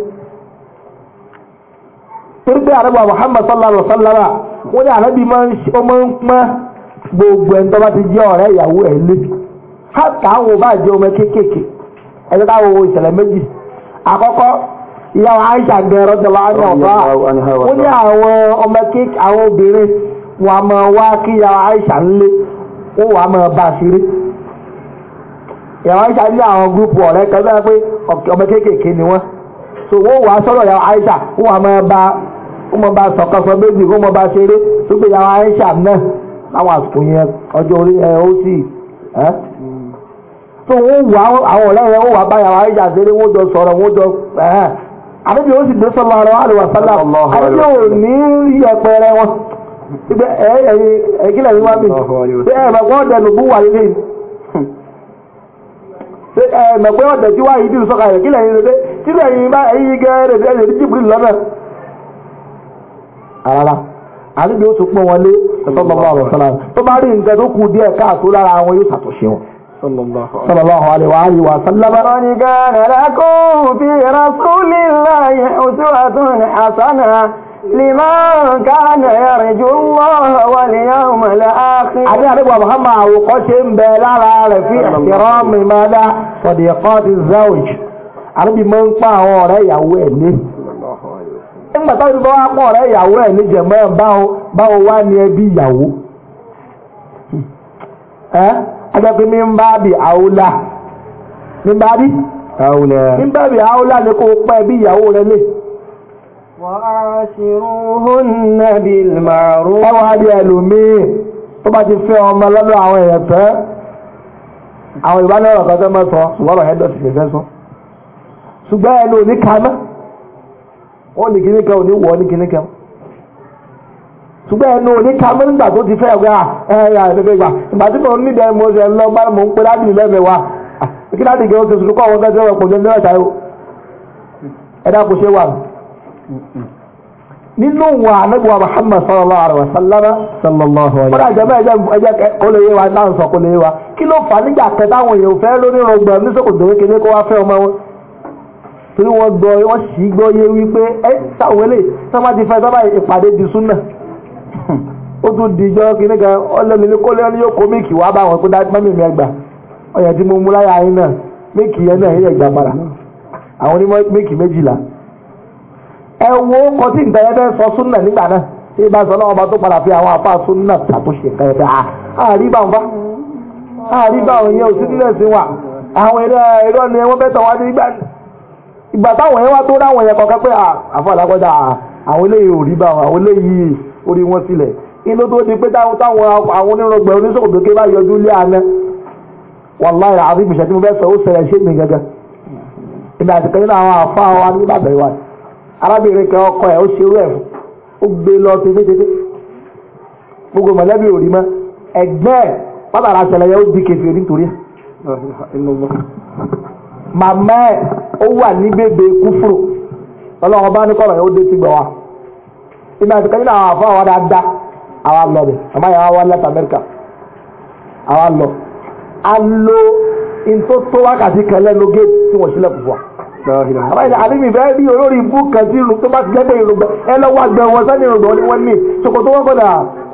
torí pé àrẹ́bà Muhammad sallallahu alaihi wasallam wọ́n ní àrẹ́bí máa ń pọ́n gbogbo ẹni tó bá ti jẹ́ ọ̀rẹ́ ìyàwó ẹ̀ lébi àwọn jẹ́ ọmọ kéékèèké táwọn ìṣẹ̀lẹ̀ méjì àkọ́kọ́ ìyàwó gẹ̀rọ ìyàwó Aisha ní àwọn gúrúpù ọ̀rẹ́ kan bẹ́ẹ̀ pé ọmọ kéékèèké ni wọ́n so wọ́n ìyàwó Aisha wọ́n bá wọ́n bá méjì wọ́n bá ṣeré tó ìyàwó Aisha náà láwọn àsìkò yẹn ọjọ́ orí ẹ ó sì pé ẹ mọ̀ pé wọ́n tẹ̀sí wáyé ìdí ìsọ́ka rẹ̀ kílẹ̀ yín lóde kílẹ̀ yín bá ẹ̀yìn gẹ́rẹ́ rẹ̀ ẹ̀yìn jìbìrì lọ́nà. àràrà àdúgbò ó tún pọ̀ wọn lé sallallahu alaihi wasallam tó bá rí nǹkan tó kù díẹ̀ káàtó lára wọn yóò ṣàtúnṣe wọn. sallallahu alaihi wa sallam. wọ́n ní gánà lákòó fi rasulillahi uswatun hasana. لمن كان يرجو الله واليوم الآخر أبي أبي محمد وقشم بلال في احترام ماذا صديقات الزوج àrùbí máa ń pa àwọn ọ̀rẹ́ ìyàwó ẹ̀ ní. nígbà táwọn ìbá wa pọ̀ ọ̀rẹ́ ìyàwó ẹ̀ ní jẹ̀mọ́ ẹ̀ báwo wá ní ẹbí ìyàwó. ẹ agbẹ́pẹ́ mi ń bá bí àwòlá mi ń bá bí àwòlá mi ń bá bí àwòlá ni kò pa ẹbí ìyàwó rẹ lé wa'ashiruhunna bil ma'ruf. ẹ wá di ẹlòmíì tó bá ti fẹ́ ọmọ lọ́dọ̀ àwọn èèyàn tẹ́ àwọn ìbánirọ̀ kan tẹ́ mọ́ sọ ṣùgbọ́n ọ̀hẹ́ dọ̀tí lè fẹ́ sọ ṣùgbọ́n ẹnu òní kamẹ́ ó ní òní wọ̀ ní kíní ṣùgbọ́n ẹnu òní nínú wọn ànábì wa muhammad sallallahu alaihi wa sallam sallallahu alaihi wa sallam ọ̀dà ẹ̀jẹ̀ kọ́lé yé wa náà sọ yé wa kí ló fà nígbà kẹta àwọn èèyàn fẹ́ lórí rọgbọ̀n nísòkòtò kékeré kó wá fẹ́ ọmọ wọn torí wọ́n gbọ́ wọ́n sì gbọ́ yé wípé ẹ táwọn sábà ti fẹ́ sábà ìpàdé di súnà ó tún di ìjọ ní kọ́lé ní yóò kó wá bá ẹ wo kọ tí nǹkan yẹn fẹ́ sọ súnà nígbà náà tí ìbá sọ náà ọba tó padà fi àwọn àfa súnà ṣàtúnṣe nǹkan yẹn fẹ́ àárí bá wọn bá ni wọ́n fẹ́ tàn wá nígbà ìgbà táwọn yẹn wá tó ráwọn yẹn inú tó di pé táwọn àwọn onírọ̀gbẹ̀ oníṣòkòtòkè bá yọjú lé àná wàláì àbí tí mo fẹ́ sọ ó ṣẹlẹ̀ ṣé mi gẹ́gẹ́ ìgbà àtìkẹ́yìn àwọn àfa wa ní Ìbàdàn wa arábìnrin kan ọkọ ẹ̀ ó ṣerú ẹ̀ fún ó gbé lọ tefetefe gbogbo mọ̀lẹ́bí ò rí mọ́ ẹ̀gbẹ́ ẹ̀ pátára ṣẹlẹ̀ yẹn ó di nítorí ẹ̀. màmá ẹ̀ ó wà ní bèbè kúfúrò ọlọ́run bá ní yẹn ó dé ti gbọ̀ wá àwọn àwọn dáadáa àwa lọ bẹ̀ yẹn wá wá a lo wákàtí àwọn ẹni àlímì bẹ́ẹ̀ bí olórí ibú kan sí irun tó bá ti gẹ́gẹ́ irùngbọ̀n ẹ lọ́wọ́ àgbẹ̀ wọn sani irùngbọ̀n ni wọ́n ní ṣòkòtò wọn kọ́dà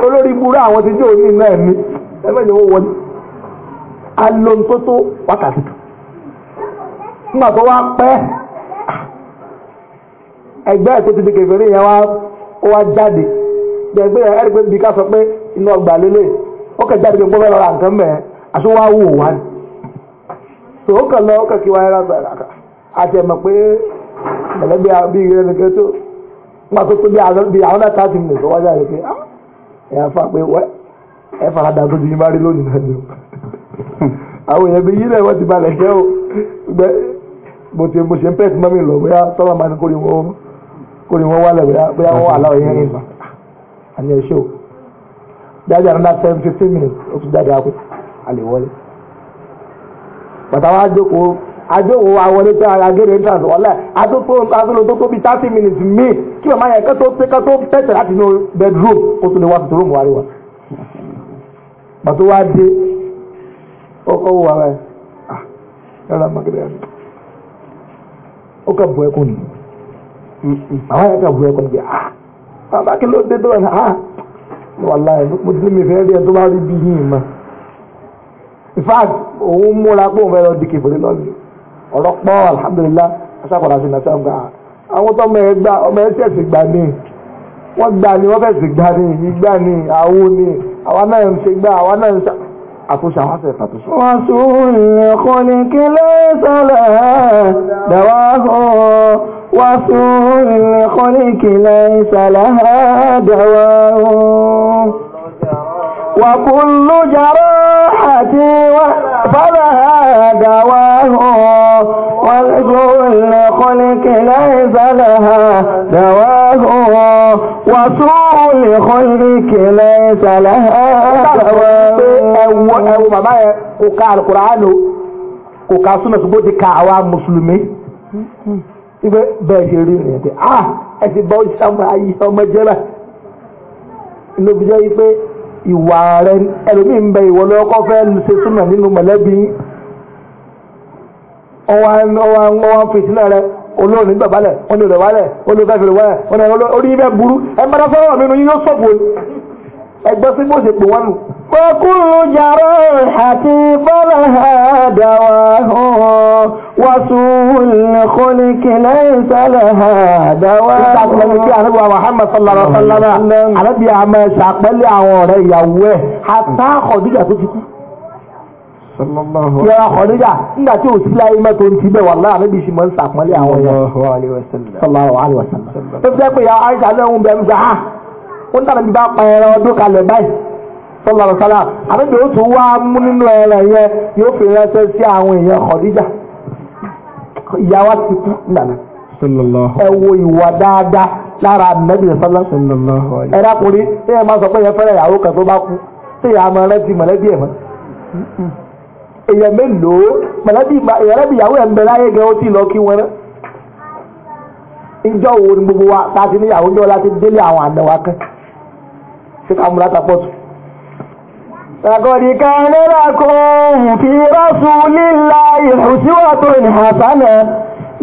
olórí ibú rẹ̀ àwọn ti jẹ́ òní iná ẹ̀mí ẹgbẹ́ ni wọ́n wọlé alontótó wákàtí tó nígbà tó wá pẹ́ ẹgbẹ́ ètò ti di kèfèrí yẹn wá ó wá jáde gbẹ̀gbẹ́ yẹn ẹ̀rí pé bí ká sọ pé inú ọgbà lélẹ̀ ó kẹ̀ jáde pé gbọ́dọ̀ lọ́ra nǹkan mẹ́ẹ̀ẹ́ àti wá wò wá ni tòun kàn lọ ó kẹ̀ àtẹ̀mọ̀ pé mọ̀lẹ́bí bí ìrẹ́ nìkan tó ń pàtó pé bí àwọn náà tá ti mú ìfọwọ́ jà rẹ̀ pé ah, ẹ̀ ń fa pé wẹ́ ẹ fara dà tó ti yín bá lónìí náà ni o àwọn èèyàn bí yín náà wọ́n ti balẹ̀ jẹ́ o gbẹ bó ti bó ṣe ń pẹ́ẹ́tì mọ́mí lọ bóyá sọ́wọ́n máa ní kórè wọ́n kórè wọ́n bóyá wọ́n wà láwọn èèyàn ìgbà àní ẹ̀ o jáde àná náà seven fifteen minutes ó tún jáde àpò àlè wọlé bàtà wọn jókòó àjòwò àwọlé tó ara gẹ́gẹ́ entrance wọlé àtúntò tó tóbi thirty minutes mi kí màmá yẹn kẹ́tọ́ kẹ́tọ́ tẹ̀sẹ̀ láti inú bedroom kó tó lè wá tuntun rúùmù wáríwá. pàtó wá dé ọkọ̀ wò wá rẹ̀ ẹ̀rọ amagẹ́dẹ́ rẹ̀ ó kà bu ẹkún ni màmá yẹn kà bu ẹkún ni bí ah bàbá kí ló dé tó wà ní ah wàláyé mo ti ní mi fẹ́ rí ẹ tó bá rí bí yín mà in fact òun múra pé òun fẹ́ lọ di kèfèrè lọ́dún ọ̀rọ̀ pọ̀ alhamdulillah aṣàkọ̀dà sí nàìjíríà gbà àwọn tó ọmọ ẹ̀ gbà ọmọ ẹ̀ tẹ̀sí gbà ní wọ́n gbà ní wọ́n fẹ̀sí gbà ní ìgbà ní àwo ní àwa náà ń ṣe gbà àwa náà ń ṣe àtúnṣe àwọn àṣẹ ìfàtúnṣe. wọ́n sùn ìrìnkún ní kí lẹ́sẹ̀ lẹ́ dẹ̀wà hàn wọ́n sùn ìrìnkún ní kí lẹ́sẹ̀ lẹ́ dẹ̀wà hàn. وكل جراحة فلها دواه والكل خلق ليس لها دواه وسوء الخلق ليس لها دواه ẹwọ alukuraanu kò ka súnmọ̀ ṣùgbọ́n ti ka àwa mùsùlùmí ibẹ bẹ́ẹ̀ ṣe rí nìyẹn pé ah ẹ ti bá ọjà ọmọ jẹ́ bá inú bí jẹ́ yí ìwà rẹ ẹlòmíì ń bẹ ìwọ lọ́kọ́ fẹ́ ṣe súnmọ̀ nínú mọ̀lẹ́bí ọwọ́n fi sílẹ̀ rẹ olóòrùn nígbà balẹ̀ wọn ni rẹ̀ wálẹ̀ olóòrùn fẹ́ fi rẹ̀ wálẹ̀ orí ibẹ̀ burú ẹ ẹgbẹ́ sí bó ṣe pè wọ́n nù. Fọkúrú jàrá àti bọ́lá dáwà hàn wàṣù lẹ́kọ́lẹ́ kìlẹ̀ ìsàlẹ̀ dáwà. Ìṣàkùnrin ni kí àrẹ́bùwà Muhammad sallallahu alaihi wa sallam àrẹ́bí àmọ́ ṣàpẹ́lẹ̀ àwọn ọ̀rẹ́ ìyàwó ẹ̀ àtà Khadija tó ti kú. Yẹra Khadija nígbà tí ò sí láyé mẹ́tò ń ti bẹ̀ wà láàrin bí ṣùgbọ́n ṣàpẹ́lẹ̀ àwọn ọ̀rẹ́. Sallallahu alaihi wa sallam. Ó fi jẹ́ pé ìyá Aisha lẹ́hùn bẹ́ẹ̀ ń ó ń tàbí bá pa ẹran ọdún kalẹ̀ báyìí sọlá lọ́sálà àbẹ́bẹ̀ ó tún wá mú nínú ẹran yẹn yóò fi ránṣẹ́ sí àwọn èèyàn Khadija ìyá wa ti kú nànà ẹ wo ìwà dáadáa lára ànábì sọlá ẹ dákùnrin ẹ máa sọ pé ẹ fẹ́rẹ̀ ìyàwó kan tó bá kú sí ìyá ọmọ rẹ ti mọ̀lẹ́bí ẹ̀ mọ́ èèyàn mélòó mọ̀lẹ́bí ìyàwó ẹ̀ ń bẹ láyé gẹ́ ó ti lọ kí wọn rẹ́ ìjọ wo ni gbogbo wa ta ti níyàwó jọ láti délé àwọn àdàwà kan tó ká múra tapọ̀ tù. Ṣàkọ̀dì kan nílá kan fi rasulillahi uswatun hasanah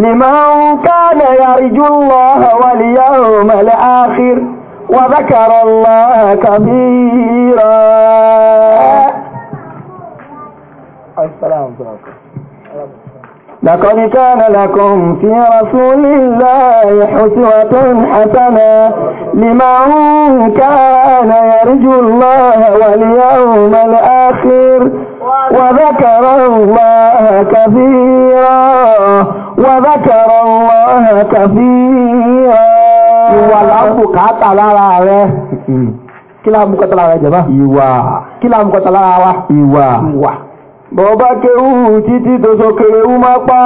liman kana yarju Allaha wal yawmal akhir wa dhakara Allaha kathira. Assalamu alaikum. لقد كان لكم في رسول الله حسوة حسنة لمن كان يرجو الله واليوم الآخر وذكر الله كثيرا وذكر الله كثيرا ìwà láàpù káàtà lára rẹ̀ kí láàmùkọ́ta lára ìjọba ìwà kí láàmùkọ́ta lára wa ìwà ìwà bọ́ọ̀bá kéwú títí tó sókèrè wú má pa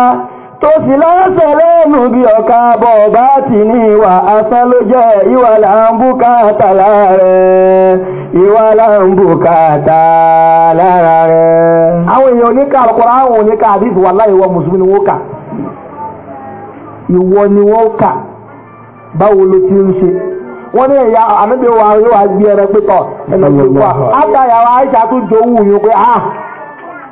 tó sì lọ́sẹ̀ lẹ́nu bí ọ̀ka bọ́ọ̀bá ti ní ìwà asán ló jẹ́ ìwà làǹbùkà tàlà rẹ̀ ìwà làǹbùkà tàlára rẹ̀. àwọn èèyàn oníkà àlùkùránì àwọn oníkà àdìsí wà láì wọ mùsùlùmí ni wọ́n kà ìwọ ni kà báwo ló ti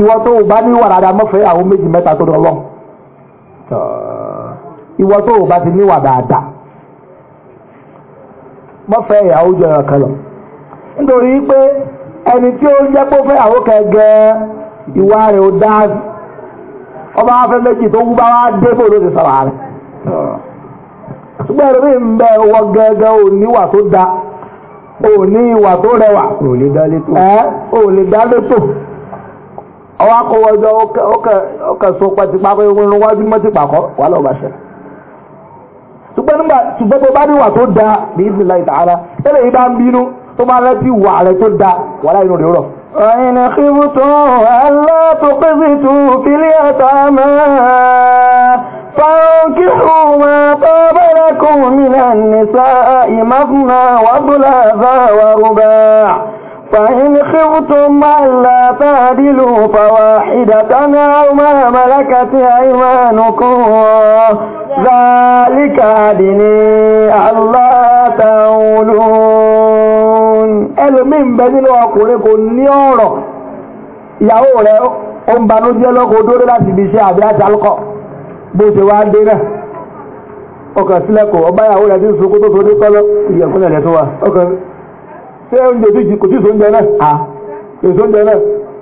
ìwọ tó o bá ní wà mọ́fẹ́ àwọn méjì mẹ́ta tó lọ ìwọ tó o bá ti níwà dáadáa mọ́fẹ́ ìyàwó jọ ẹ̀rọ lọ nítorí pé ẹni tí ó jẹ́ pé àwọn ìwà rẹ̀ ó dá ọba afẹ́ méjì tó wú bá wá dé ló ti sọ̀rọ̀ rẹ̀ ṣùgbọ́n da ò ọwọ́ akọwọ́ ọjọ́ ọkà sọ pàtìpákọ́ ìwọ̀n wájú mọ́tìpákọ́ wà lọ́ọ́ bá ṣẹlẹ̀ ṣùgbọ́n nígbà ṣùgbọ́n tó bá ní wà tó da ní ìsìnlá ìtàhálà tẹ́lẹ̀ yìí bá ń bínú tó bá rántí wà rẹ̀ tó da wà láì nù rẹ̀ rọ̀. ọ̀yìn ìkíbu tó ẹ̀lá tó pèsè tó fìlí ẹ̀ta mọ́ فانكحوا ما طاب لكم من النساء مثنى وثلاث ورباع فإن خفتم ألا تعدلوا فواحدة أو ما ملكت أيمانكم ذلك أدني ألا تعولون ẹlòmíín bẹ nínú ọkùnrin kò ní ọ̀rọ̀ ìyàwó rẹ̀ ó ń banújẹ́ lọ́kọ̀ odóró láti ibi iṣẹ́ àbí àti alukọ̀ bó ṣe wá dé náà ọkàn sílẹ̀kùn ọba rẹ̀ ti ń sunkún tó tó dé kọ́lọ́ ìyẹ̀kúnlẹ̀ rẹ̀ tó wà ṣé oúnjẹ tí kò tí sóúnjẹ náà à náà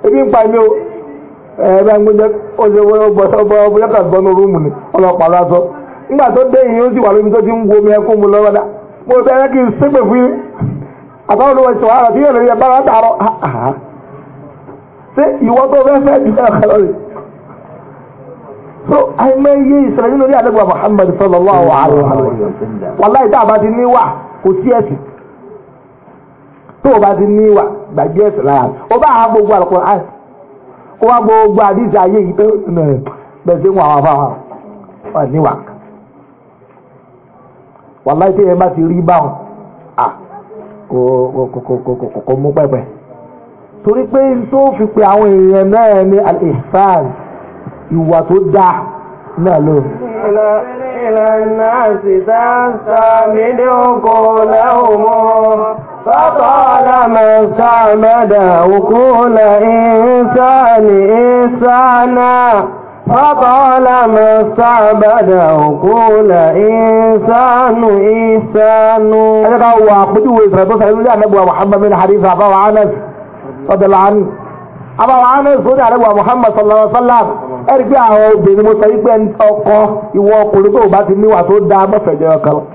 ebi ń pa ẹ̀mí o ẹ̀rọ ẹ̀gbọ́njẹ oṣù ọbọ̀ ọbọ̀yọ́kà gbọ́nú rúùmù ni ọlọ́pàá lásọ nígbà tó dé yìí ó sì wà lómi tó ti ń wo mu mo kí n ṣépè fún yín àbáwọn olùwọ̀ ìṣòwò àrà tí yóò lè yẹ bára tààrọ̀ ṣé ìwọ tó fẹ́ fẹ́ ju so ìṣẹ̀lẹ̀ nínú tá a bá ti kò sí tó o bá ti ní ìwà gbàgbé ẹ̀sìn lára o bá àwọn gbogbo àlọ́kọ̀ àì kó wá gbogbo àdìsí ayé yìí pé bẹ́ẹ̀ sí wọn àwọn afáwọn wà níwà wàláì tí yẹn bá ti rí báwọn à kò mú pẹ́pẹ́ torí pé tó fi pe àwọn èèyàn náà ní al-ihsan ìwà tó dáa náà ló. إلى الناس تنسى من قولهم فطالما استعمد وكل إنسان إنسانا فطالما استعبده كل إنسان إنسان هذا هو أخذه إسرائيل سعيد الله نبوة محمد من حديث أبا وعنس رضي الله عنه أبا وعنس رضي الله محمد صلى الله عليه وسلم ẹ̀rí pé àwọn obìnrin mo sọ wípé ọkọ ìwọ ọkùnrin tó bá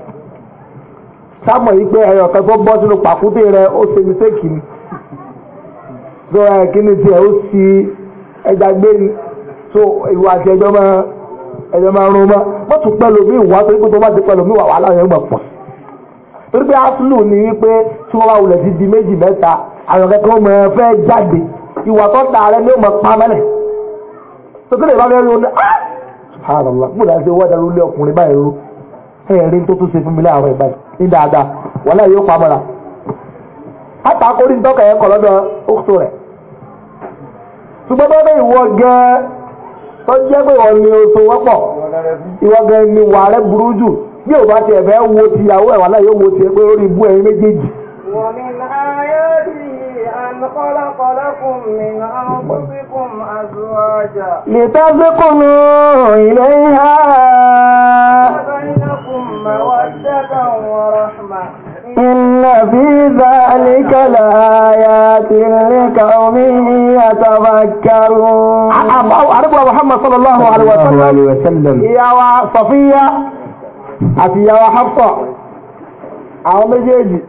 sámọ̀ yìí pé ẹyọ kan tó bọ́ sínú pàkúté rẹ ó ṣe mistake ni so ẹ kí ni tiẹ̀ ó sì ẹja gbé ni so ìwà àti ẹjọ́ máa ẹjọ́ máa rún mọ́ wọ́n tún pẹ́ lómi ìwà torí pé tó bá ti pẹ́ lómi ìwà wàhálà yẹn mọ̀ pọ̀ torí pé aslu ni wípé tí wọ́n bá wulẹ̀ ti di méjì mẹ́ta àwọn kẹ́kẹ́ wọn máa fẹ́ jáde ìwà tó ta rẹ ní ìmọ̀ pamẹ́lẹ̀ tó tó lè bá lẹ́rú ní ah subhanallah gbọ́dọ̀ àti wọ́n darú lé ọkùnrin báyìí rú ẹ̀rín tó tún ṣe fún mi láàárọ̀ ìbáyìí. ní dáadáa wọn náà yóò pamọ́ra àtà akórí ntọ́kà yẹn kọ̀ lọ́dọ̀ òkútù rẹ̀ ṣùgbọ́n bá bẹ́ẹ̀ ìwọ gẹ́ẹ́ tó jẹ́ pé ìwọ ni oṣù wọ́pọ̀ ìwọ gan ni wà rẹ̀ burú jù bí ò bá tiẹ̀ fẹ́ wo tìyàwó ẹ̀ wà láyé wo tiẹ̀ pé ó rí ibú méjèèjì. خلق لكم من أنفسكم أزواجا لتبقوا إليها بينكم مودة ورحمة إن في ذلك لآيات لقوم يتفكرون أربع محمد صلى الله عليه وسلم يا صفية أتي يا حفصة أو مجيجي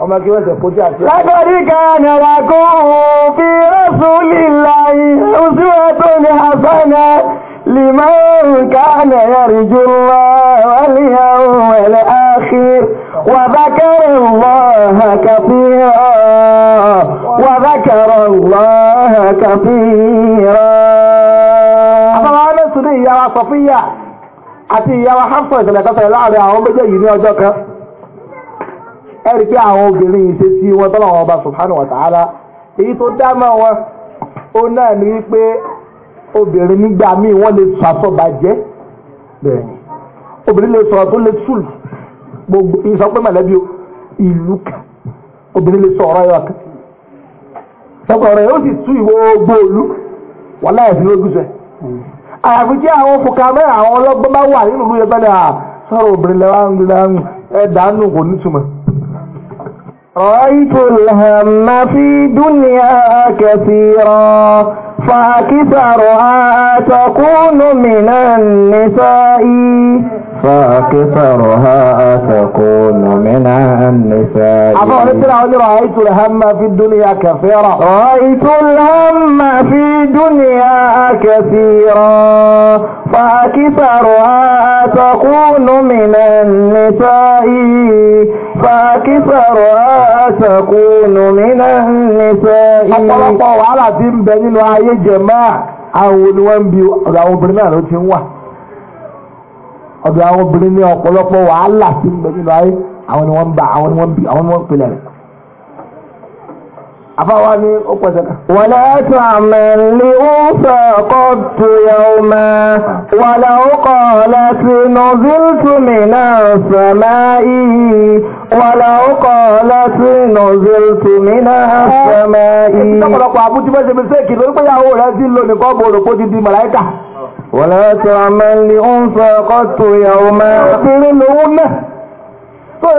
وما كيفاش كوتي عرفتي لقد كان لكم في رسول الله اسوة حسنة لمن كان يرجو الله واليوم الاخر وذكر الله كثيرا وذكر الله كثيرا أفضل أنا سنية يا صفية أتي يا حفصة إذا لا تسأل الله عليها أمي جاي يني أجاكا ẹ rí i pé àwọn obìnrin yìí ṣe sí wọn tọ́lọ̀ wọn ọba subhanahu wa ta'ala èyí tó dá mọ́ wọn ó náà ní wípé obìnrin nígbà míì wọ́n lè sàṣọbàjẹ́ bẹ́ẹ̀ ni obìnrin lè sọ̀rọ̀ tó lè sùl gbogbo ìsọpẹ́ mọ̀lẹ́bí ìlú kan obìnrin lè sọ̀rọ̀ ẹ̀rọ kan sọ̀rọ̀ rẹ̀ yóò sì tú ìwọ gbogbo òlu wà láyẹ̀sí lójúṣẹ́ àyàfi tí àwọn fòkàmẹ́ àwọn ọlọ́gbọ́n bá wà nínú ìlú yẹn bẹ́ẹ̀ ni sọ̀rọ̀ obìnrin lẹ́wọ̀n ẹ̀dánù kò nítumọ̀. رأيت الهم في دنيا كثيرا فأكثرها تكون من النساء فأكثرها تكون من النساء أفعلت العولي رأيت الهم في الدنيا كثيرا رأيت الهم في الدنيا كثيرا فأكثرها تكون من النساء فأكثرها تكون من النساء أطلقوا على تنبني الوعي جماع أول وانبي أو برنال وتنوح ọ̀dọ̀ àwọn obìnrin ní ọ̀pọ̀lọpọ̀ wàhálà tí ń bẹ nínú ayé àwọn ni wọ́n bá àwọn ni wọ́n bí àwọn ni wọ́n ń rẹ̀. àfáwa ni ó pẹ̀sẹ̀ kan. wàlẹ̀ ẹ̀sùn àmẹ́rin ni ó fẹ́ ọkọ̀ tó yẹ ọmọ wàlẹ̀ ọkọ̀ lẹ́sìn nọ́zíltùmí náà sẹ̀mẹ́ ìyí wàlẹ̀ ọkọ̀ lẹ́sìn nọ́zíltùmí náà sẹ̀mẹ́ ìyí. ìtọ́pọ̀lọpọ̀ àbújú bẹ́sẹ̀ mi sẹ́ẹ̀kì lórí pé ولا تعمل لأنثى قط يوما obìnrin lòun náà tó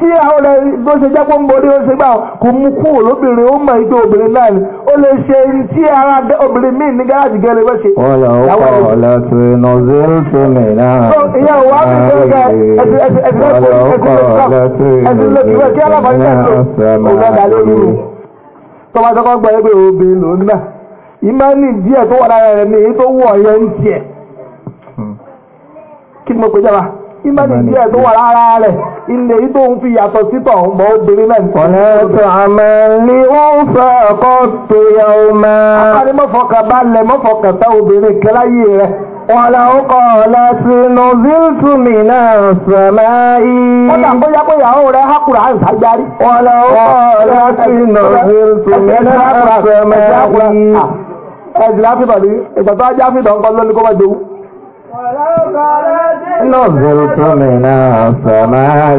tí àwọn bó ṣe jẹ́ pọ́nbọ́dé ó ṣe gbà kò mú kúrò lóbìnrin ó mọ̀ ìgbé obìnrin náà ni ó lè ṣe tí ara obìnrin míì ní gáràjì gẹ́lẹ́ wọ́n ṣe. wọ́n là ó kọ́ ọ̀la tó iná zero tó mi náà. ìyá ò wá fi ṣe ká ẹsẹ̀ ẹsẹ̀ ẹsẹ̀ ẹsẹ̀ ẹsẹ̀ ẹsẹ̀ ẹsẹ̀ ẹsẹ̀ ẹsẹ̀ ẹsẹ̀ ìmánì díẹ̀ tó wà lára rẹ̀ ní èyí tó wọ̀ ẹ̀yẹ ń tiẹ̀ hmm. kí ni mo pè jábà ìmánì díẹ̀ tó wà lára rẹ̀ ilé yìí tó ń fi yàtọ̀ sítọ̀ ń bọ̀ obìnrin náà ní. ọ̀lẹ́ tó àmọ́ ní ó ń fẹ́ ọkọ tó yẹ ọ mọ́. àpárí mọ́fọkàn balẹ̀ mọ́fọkàn tá obìnrin kẹláyé rẹ̀. Wàlá ó kọ́ ọ̀la sínú bíntùmí náà sọ̀mọ́ yìí. Wọ́n dà bóyá pé ìyàwó rẹ̀ hákùrà ń sájárí. Wàlá ó kọ́ ọ̀la sínú bíntùmí náà sọ̀mọ́ yìí ẹ̀sìn láfíìtọ̀ ní ìgbà tó ajá fíìtọ̀ ń kọ́ lónìí kó má gbowó. نزلت من السماء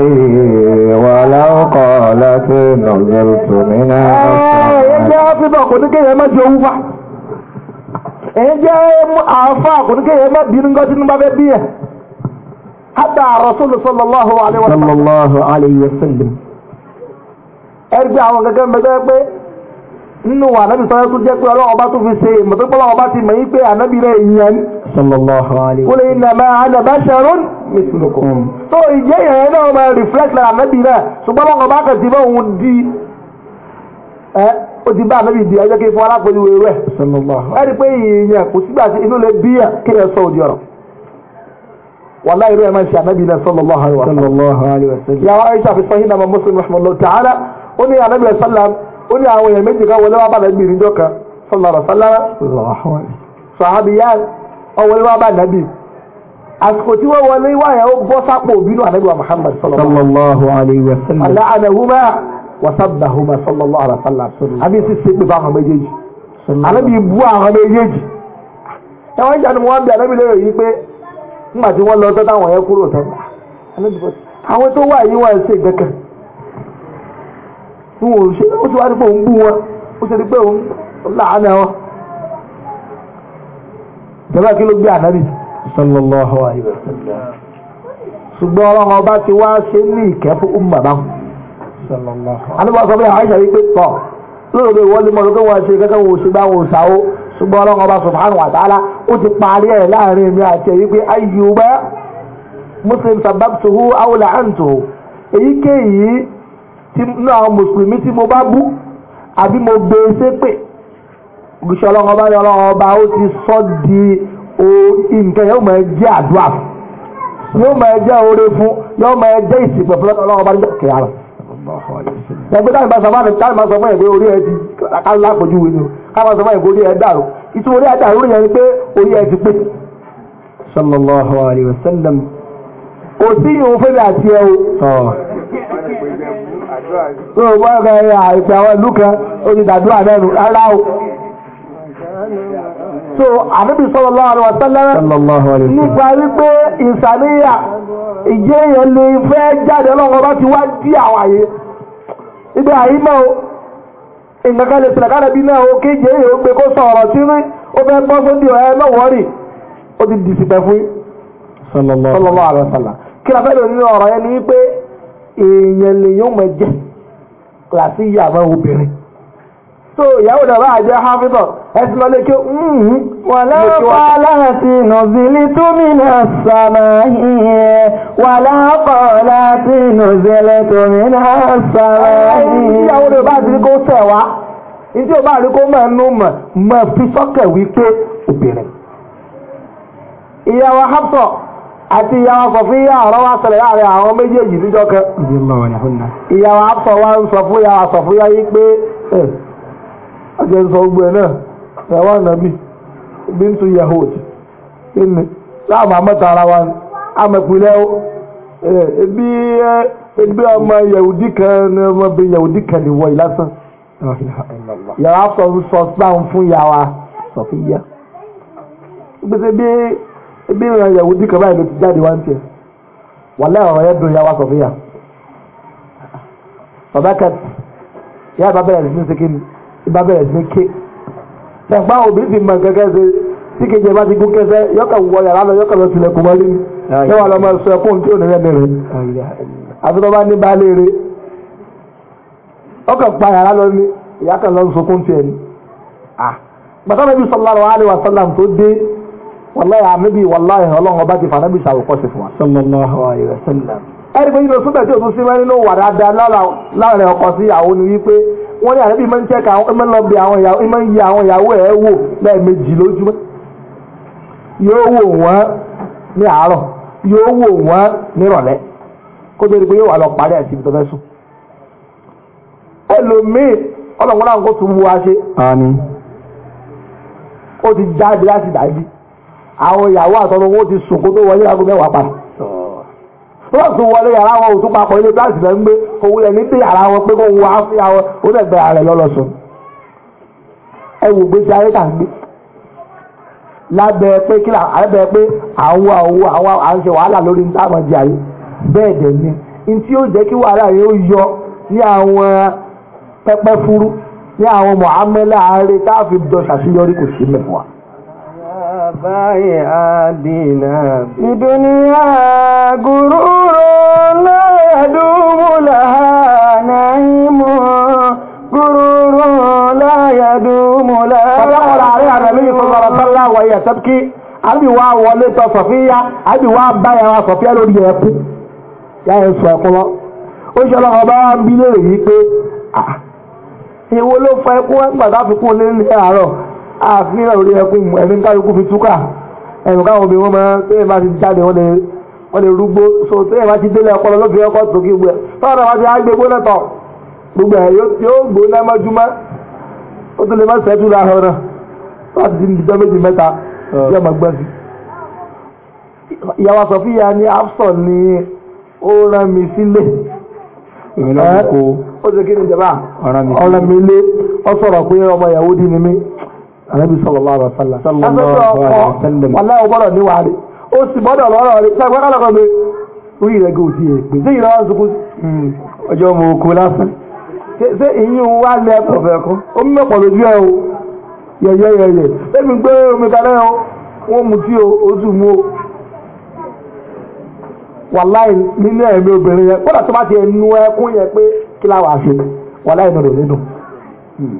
ولو قالت نزلت من السماء ẹ̀jẹ̀ áfíìtọ̀ kò ní kéèyàn má jẹ owó fà حتى الرسول صلى الله عليه وسلم صلى الله عليه وسلم ارجع وكان بدأ nínú ànábì sọ́yẹ́ tó jẹ́ pé ọlọ́run ọba tó fi ṣe ìmọ̀tọ́pọ̀lọ́ ọba ti mọ̀ yí pé ànábì rẹ̀ ìyẹn ní. sallallahu alaihi wa sallam. qul innama ana basharun mithlukum. tó mm. ìjẹ́ ìyẹn náà máa reflect lára ànábì rẹ̀ ṣùgbọ́n ọlọ́run ọba kan ti bá òun di ẹ́ ó ti bá ànábì di ẹjọ́ kí fún alápẹ̀lú rẹ̀. sallallahu rí pé ìyẹn kò sígbà tí inú lè bí والله يروي ما شاء النبي صلى الله عليه وسلم صلى الله عليه وسلم يا عائشة في صحيح مسلم رحمه الله تعالى قل يا نبي صلى الله عليه وسلم ó ní àwọn èèyàn méjì kan wọlé wá bàbá gbé níjọ́ kan sọlọrọ sọlára sọhábíyá ọwọlé wá bàbá nàbì àsìkò tí wọ́n wọlé wá yẹn ó bọ́ sápò bínú ànábì wa Muhammad sallallahu alayhi wa sallam aláàánahuma wasabbahuma sallallahu alayhi wa sallam àbí sì ṣépè bá àwọn méjèèjì ànábì bú àwọn méjèèjì ẹwọ́n ìjànú wọn bí ànábì lérò yìí pé nígbà tí wọ́n wọn ò ṣe ó ti wá dípò òun bú wọn ó ṣe dípò òun láàánà wọn. ìjọba kí ló gbé ànábì sallallahu alaihi wasallam ṣùgbọ́n ọlọ́run ọba ti wá ṣe ní ìkẹ́ fún umu bàbá wọn. àdúgbò sọ pé àyíṣà yìí pé tọ̀ lóòrè ìwọlé mọ̀ lókè wọn ṣe kẹ́kẹ́ wọn ò ṣe bá wọn ò ṣàwó ṣùgbọ́n ọlọ́run ọba subhanahu wa ó ti parí ẹ̀ láàrin èmi àti ẹ̀yí pé ayyuba muslim sababtuhu aw la'antuhu èyíkéyìí nínú àwọn mùsùlùmí tí mo bá bú àbí mo gbé e ṣépè òṣìṣẹ́ ọlọ́run ọba ọlọ́run ọba ó ti sọ di nǹkan yóò máa jẹ́ àdúrà yóò máa jẹ́ oore fún yóò máa jẹ́ ìsìnkú fún ọlọ́run ọba níjọ́ kẹyàrá ẹgbẹ́ táyìnbá sọ fún táyìnbá sọ fún ẹgbẹ́ orí ẹ ti lápòjú wí ni o káwọn sọ fún ẹgbẹ́ orí ẹ dàrú ìtumọ̀ orí ẹ dàrú rí yẹn pé orí ẹ ti pé. sallallahu alayhi wa tó o bá fẹ́ àìpẹ́ àwọn ìlú kan ó ti rárá o. so àbíbi sallallahu alaihi wasallam nípa wípé ìsàníyà ìjẹ́ èèyàn lè fẹ́ jáde ọlọ́run bá ti wá dí àwọn àyè ibẹ̀ àyímọ́ o ìgbàkan lè sílẹ̀ káàdà bí náà ó kéje èèyàn ó gbé kó sọ̀rọ̀ sí rí ó fẹ́ bọ́ fún díọ̀ ẹ lọ́wọ́rì ó ti dìsìpẹ̀ fún sallallahu alaihi wasallam kí la fẹ́ lò nínú ọ̀rọ̀ yẹn ni wípé èèyàn lèèyàn mọ̀ jẹ́ kìláàsì yà máa obìnrin so ìyàwó dàbá àjẹ hafidọ ẹsìn lọlé kí wọ́n lọ́pàá láti nùzílì tómìnà sàmáyé wà lápàá láti nùzílì tómìnà sàmáyé. ìyàwó dàbá àti kó tẹ̀ ìdí ò bá rí kó mọ̀ ẹnu mọ̀ mọ̀ fi sọ́kẹ̀ wípé obìnrin. ìyàwó hafidọ. Ati ìyàwó sọ̀fíyà ọ̀rọ̀ wá ṣẹlẹ̀ láàrin àwọn méjèèjì níjọ́ kan. ìyàwó Iyawa wá ń sọ fún ìyàwó sọ̀fíyà yìí pé eh, ẹ̀ ọjọ́ ń sọ gbogbo ẹ̀ náà ìyàwó ànábì bíntu wa eh, ebi eh, ebi ọmọ yahudi kan ní ọmọbìnrin yahudi kan ya. gbèsè ebi ìran ìyàwó dí kan báyìí ló ti jáde wá ń tiẹ̀ wàlẹ́ ọ̀rọ̀ yẹn dùn yàwá sọ̀fíà bàbá kẹt ìyá ìbá bẹ̀rẹ̀ sí ṣe ni ìbá bẹ̀rẹ̀ sí ké tẹ̀gbá òbí ti mọ̀ kẹ́kẹ́ ṣe tí kejì ẹ̀ bá ti gún kẹsẹ́ yọkẹ̀ wọ yàrá lọ yọkẹ̀ lọ sílẹ̀ kò wọlé ní wà lọ́mọ sọ ẹkún tí ò ní rẹ̀ rẹ̀ àti tó ní bá léere ọkọ̀ pa yàrá lọ ní ìyá kan lọ sọkún tiẹ̀ ni. Ah, bàtà nàbí sallallahu alaihi wasallam tó dé wàláyé amebi wàláyé ọlọ́run ọba ti fà ànábì ṣàwòkọ́ṣe fún wa. sallallahu alayhi wa sallam. ẹni pé yìí lọ sódà tí òtún sí mẹ́rin ló wà dáadáa láàrin ọkọ sí ìyàwó ni wípé wọ́n ní ànábì máa ń tẹ́ka máa ń lọ bí àwọn ìyàwó máa ń yẹ àwọn ìyàwó ẹ̀ wò lẹ́ẹ̀mejì lójúmọ́. yóò wò wọ́n ní àárọ̀ yóò wò wọ́n kó tó di pé yóò wà lọ parí ibi tó àwọn ìyàwó àtọ́nà wọn ti sùn kó tó wọlé aago mẹ́wàá padà wọ́n tún wọlé yàrá wọn òtún papọ̀ ilé bíláàsì lẹ́ ń gbé owó ẹni dé yàrá wọn pé kó wọ àáfíà wọn ó dẹ̀ gbẹ̀rẹ̀ rẹ̀ lọ́lọ́sùn ẹ wò gbèsè ayé tà ń gbé lábẹ́ pé kí lábẹ́ pé àwọn owó àwọn à ń ṣe wàhálà lórí ní táwọn di ayé bẹ́ẹ̀ dẹ̀ ni n tí yóò jẹ́ kí wàhálà yẹn ó yọ ní àwọn pẹpẹ furu ní àwọn mọ̀hámẹ́lá àárẹ̀ táàfin jọ ṣàṣeyọrí kò sí mẹ́fọ́ wa. بيعادنا بدنيا غرور لا يدوم لها نعيم غرور لا يدوم لها فدخل عليها النبي صلى الله عليه وسلم وهي تبكي àbí wá wọlé tọ sọfíyà àbí wá bá ẹran sọfíyà lórí ẹkún yá ẹ sọ ẹkún lọ ó ṣe ọlọ́run bá wá ń bí léèrè yìí pé ah, èwo ló fa ẹkún ẹgbàdá fi kún àárọ̀ àfihàn orí ẹkún ẹ̀mí kálukú fi túkà ẹ̀mí káwọn obìnrin wọn máa pé ìbá ti jáde wọn lè wọ́n lè rúgbó so tí ìbá ti délé ọpọlọ lọ́fẹ̀ẹ́ ọkọ̀ tó kí gbẹ fáwọn àwọn ti àgbẹ̀ gbóná tọ̀ gbogbo ẹ̀ yóò gbóná ó tún lè má sẹ́tù náà ti méjì mẹ́ta ni ó rán mi sílé ó ti kí ni jẹba mi lé ọ sọ̀rọ̀ pé ọmọ mí. àrẹ́bí sọ̀lọ́lá àbàfàlà sọ̀lọ́lá àbàfàlà wàláhì gbọ́dọ̀ ní wàá rí ó sì gbọ́dọ̀ lọ́rọ̀ rí sẹ́yìn pẹ́ kálọ̀kọ́ mi orí rẹ̀ gò sí èpè sí ìlọ́wọ́ sunkún hmm. ọjọ́ mo kó lásán ṣé ìyín wà lẹ́ pọ̀fẹ́kọ́ ó mú mẹ́pọ̀ lójú ẹ̀ o yẹ̀yẹ̀ yẹ̀yẹ̀ ẹ̀mí gbé omi kalẹ́ o wọ́n mu tí o sì mú o wàláhì nínú ẹ̀mí obìnrin yẹn kódà tó bá ti ẹnu ẹkún yẹn pé kí láwàá ṣe wàláhì nínú hmm.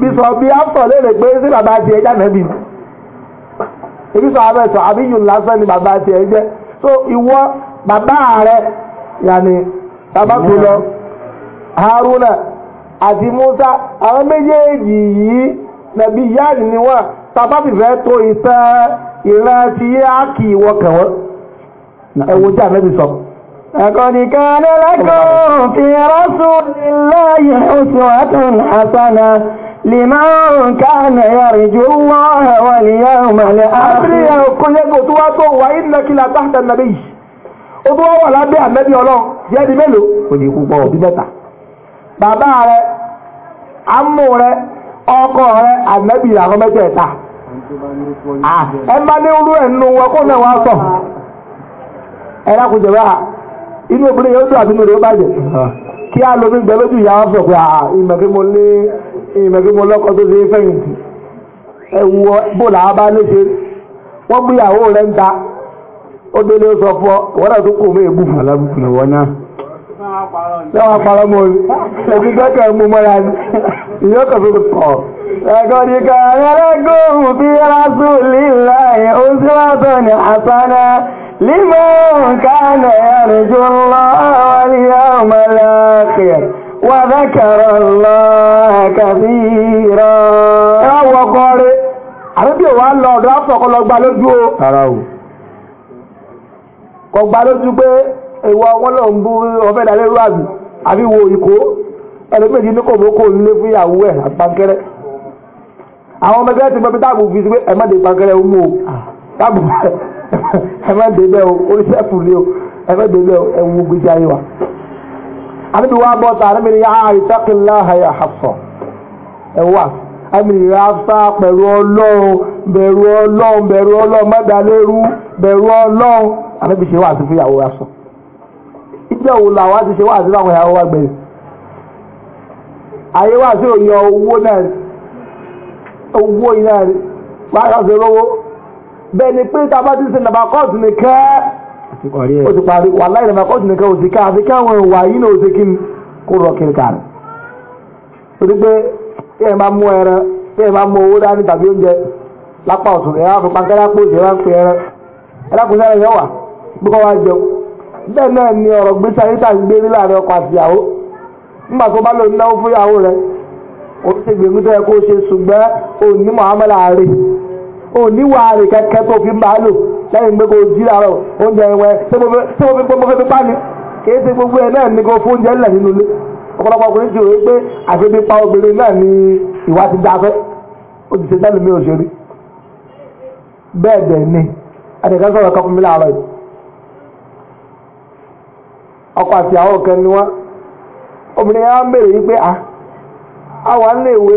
bisọ bí afọ léèrè pé sí bàbá tiẹ̀ jẹ́ ànábì ebi sọ abẹ sọ abiyun lásán ni bàbá tiẹ̀ jẹ́ so ìwọ bàbá rẹ yàní tabatu lọ Haruna àti Musa àwọn méjèèjì yìí nàbí yáàdì ni wọn tabati fẹ́ tó ìtàn ìrántí yáàkì ìwọ kẹwọn ẹwọ tí ànábì sọ. لقد كان لكم في رسول الله حسوة حسنة لمن كان يرجو الله واليوم الآخر كل قطوة وإنك لا تحت النبي قطوة ولا بها النبي الله jẹ́bi mélòó kò ní kú pọ̀ mẹ́ta bàbá rẹ̀ amú rẹ̀ ọkọ rẹ̀ ànábì àwọn mẹ́tẹ̀ẹ̀ta ẹ má ní irú ẹ̀ nínú wọn kó náà wá sọ ẹ lákùnjẹ́ inú obìnrin yóò dùn àti inú rẹ̀ ó bàjẹ́ kí á lo gbígbẹ lójú ìyá sọ pé àà ah, ìmọ̀kí mo lé ìmọ̀kí mo lọ́kọ tó ṣe fẹ̀yìntì ẹ̀wù bó làá bá léṣe wọ́n gbé ìyàwó rẹ̀ ń ta ó délé sọ fún ọ wọ́n náà tó kò mé ègbù fún alábùkù lọ́wọ́ náà lọ́wọ́ parọ́ mọ́ orí ẹ̀bí gbẹ́kẹ̀ mú mọ́ra ní ìyọ́kọ̀ tó pọ̀ ẹ̀kọ́dìkà rẹ̀rẹ́gùn bí rásù lílá ẹ̀ ó síwájú ní àsánà límọ̀ من كان يرجو الله واليوم الآخر وذكر الله كثيرا ẹwọ kọrí àrẹ́bí wa lọ ọ̀dọ̀ afọ́kọ́ lọ gba lójú o ara o kọ gba lójú pé ìwọ wọn lọ ń bú ọfẹ́ ìdálérú àbí àbí wo ìkó ẹlẹ́mẹ̀dì ní kò mú kó lé fún ìyàwó ẹ̀ àpankẹ́rẹ́ àwọn ọmọ ẹgbẹ́ ti mọ bí táàbù fi sí pé ẹ̀mọ́dé ìpankẹ́rẹ́ ó mú o ah. táàbù ẹ má dé bẹ́ẹ̀ o ni o ẹ má dé bẹ́ẹ̀ o ẹ gbèjà yìí wa. wa ta ni yàrá ìtàkìlá àyà àfọ̀ ẹ wà ni yàrá fà pẹ̀lú ọlọ́run bẹ̀rù ọlọ́run bẹ̀rù ọlọ́run má ṣe fúyàwó wa sọ. ti ṣe wa gbẹ̀yìn. sí owó náà owó yìí náà kà sí bẹ́ẹ̀ ni pé tá a bá ti ṣe nàbàkọ́ọ̀tù nìkan ó ti parí wàláì nàbàkọ́ọ̀tù nìkan ò sì ká àfi káwọn ìwà yìí náà ò sì kó rọ kiri kàrí. torí pé tí ẹ bá mú ẹran tí ẹ bá mú owó dání tàbí oúnjẹ lápá ọ̀tún ẹ wá pankẹ́rẹ́ ẹ wá ń pe ẹran ẹ dákun sẹ́rẹ̀ yẹn wà bí kò wá jẹun bẹ́ẹ̀ náà ni ọ̀rọ̀ tà òníwà rẹ̀ kẹ́kẹ́ tó fi ń bá lò lẹ́yìn pé kò jí àárọ̀ oúnjẹ ìwẹ̀ tí mo fi gbogbo fi pa ni kìí ṣe gbogbo ẹ̀ náà ni kò fún oúnjẹ ńlẹ̀ nínú ilé ọ̀pọ̀lọpọ̀ ọkùnrin ti rò wípé àfihàn pa obìnrin náà ni ìwà ti da fẹ́ ó ti ṣe tẹ́lẹ̀ mi ò ṣe rí bẹ́ẹ̀ dẹ̀ ni ẹnìkan sọ̀rọ̀ kan fún mi láàárọ̀ yìí ọkọ àti àwọn kan ni wọ́n obìnrin yẹn á ń béèrè wípé à àwọn á lè wé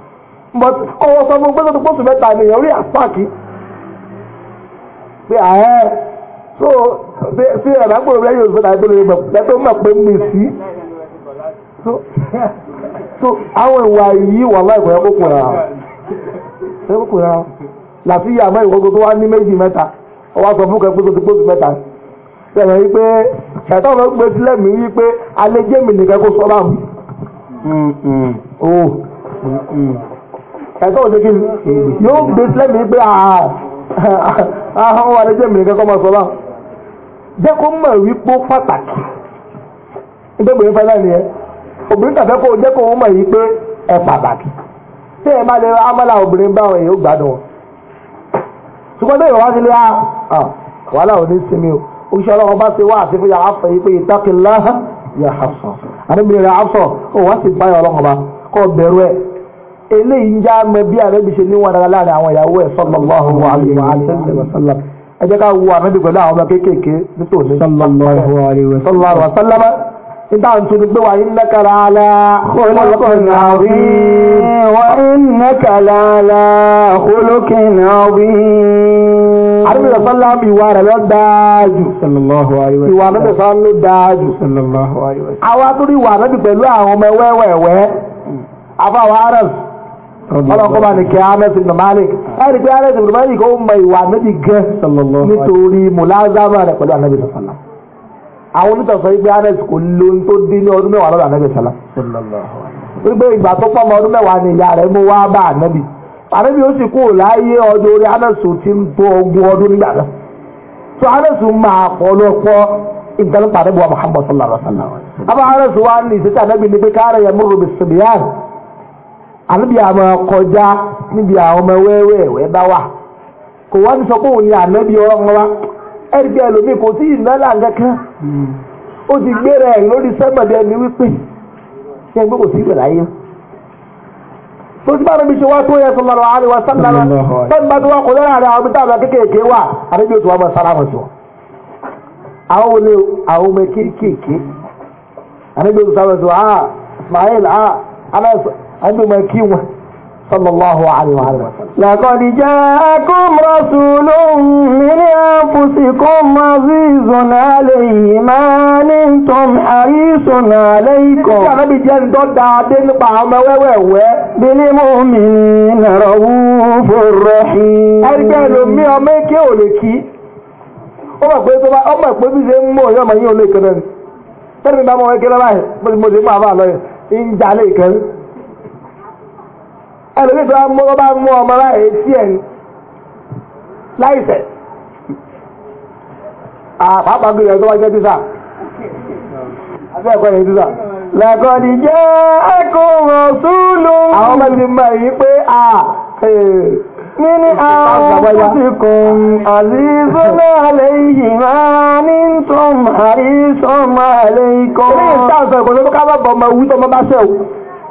but ọwọ́ sọ fún gbẹ́sọ̀ tó pọ̀sù mẹ́ta ènìyàn rí àpáàkì pé ààrẹ tó fi ẹ̀rọ àgbòrò rẹ̀ yóò sọ́dà ìgbòrò rẹ̀ lẹ́tọ́ mọ̀ pé mi sí so àwọn ìwà yìí wà láì kọ̀yọ́ kókò rà ọ́ kókò rà ọ́ làfíyà mọ́ ìwọ́n tó wá ní méjì mẹ́ta ọwọ́ sọ fún kẹ́kọ́ tó ti pọ̀sù mẹ́ta sẹ̀rọ̀ yìí pé ṣẹ̀tọ́ ló gbé sílẹ̀ mi yìí pé alẹ́ jẹ́mi nìkan kó sọ́ bá mi. Mm, mm. Oh. Mm, ẹ̀kọ́ òṣèké yóò gbé lẹ́mìí pé àwọn ah, ah, ah, àlejò èmi nìkan kọ́ máa sọ bá jẹ́ kó mọ̀ wípé pàtàkì ìdẹ́gbẹ̀rún fẹ́ láì nìyẹn obìnrin tàbí kó jẹ́ kó mọ̀ yìí pé ẹ pàtàkì tí ẹ bá lè amọ́là obìnrin báwọn èèyàn ó gbádùn wọn ṣùgbọ́n tó ìwà sílé wàhálà ò ní sinmi o oṣù ọlọ́run bá ṣe wá àti fún yàrá fẹ́ yìí pé ìtàkìlá yà hàṣọ àdébìnrin rẹ̀ hàṣọ ó wá sì báyọ̀ ọlọ́run bá kó bẹ̀rù ẹ̀ eléyìí ń já mọ bí àrẹ́bí ṣe níwọ̀n dára láàrin àwọn ìyàwó ẹ̀ sallallahu alaihi wa sallam ẹ jẹ́ ká wo àrẹ́bí pẹ̀lú àwọn ọmọ kéékèèké nítòsí sallallahu alaihi wa sallam níta ń tún gbé wa iná kala ala khuluqin azim wa iná kala ala khuluqin azim àdúgbò sọ́lám ìwà rẹ̀ lọ dáájú ìwà àdúgbò sọ́lám dáájú àwọn atúrí ìwà àdúgbò pẹ̀lú àwọn ọmọ ẹwẹ́wẹ̀wẹ́ afáwọn hmm. arabs ọlọ́kọ́ bá ní kí Anas ibn Malik ẹ̀rí pé Anas ibn Malik ó mọ ìwà níbi gẹ́ nítorí mùlázámà rẹ̀ pẹ̀lú anabi sọ̀sọ̀lá àwọn onítọ̀sọ̀ yìí pé Anas kò lo ohun tó dín ní ọdún mẹ́wàá lọ́dọ̀ anabi sọ̀lá wípé ìgbà tó pọ̀ mọ́ ọdún mẹ́wàá ni ìyá rẹ̀ mú wá bá anabi anabi ó sì kúrò láyé ọjọ́ orí Anas ti ń tó ogún ọdún nígbà náà so Anas máa pọ̀ lọ́pọ̀ nǹkan pàdé bu wa ànábì ama kọjá níbi àwọn ọmọ wẹ́wẹ́ bá wà kò wá ti ni ànábì ọlọ́run wa ẹ̀rí kò sí ìnáàlà kankan o ti gbéra ẹ̀ lórí sẹ́gbẹ̀dẹ̀ ẹni wípé ṣé ẹgbẹ́ kò sí ìbẹ̀rẹ̀ ti mi ṣe wá tó yẹ sọ lọ́rọ̀ àríwá sálára bẹ́ẹ̀ bá tó kò tó àwọn àwọn àdùnmọ̀ kí wọn sallallahu alaihi wa sallam. laqad ja'akum rasulun min anfusikum azizun alayhi ma antum harisun alaykum. nígbà náà bí jẹ́ ǹdọ́ dáadé nípa ọmọ wẹ́wẹ́wẹ́. bil mu'minina raufur rahim. ẹgbẹ́ lomi ọmọ èké ò lè kí ó mọ̀ pé ọmọ ìpé bí ṣe ń mú ọ̀yọ́ ọmọ yín olóòkè náà ni tẹ́lifí bá mọ̀ ẹgbẹ́ lọ́wọ́ bó ti mọ̀ sí pàápàá lọ́yẹ̀ ń jalè ìkẹ́rin ẹlòmíì tó bá mú ọba mú ọmọ láyé sí ẹ̀yìn láìsẹ̀ àpapàá gbé ẹ̀tọ́ wá jẹ́ tíṣà abẹ́ẹ̀kọ́ yẹn tíṣà lẹ́kọ̀ọ́dì jẹ́ ẹkùnrùn súlù àwọn ọmọ ti mọ̀ yìí pé à nínú àwọn ọ̀sìnkùn àzízọ́lá àlẹ́yìí máa ní tún àrísọ́mà àlẹ́yìí kan. ilé ìtàn sọ ìkọ̀sọ́ tó ká bá bọ̀ ọmọ ìwú tó ọmọ bá ṣẹ̀ wò.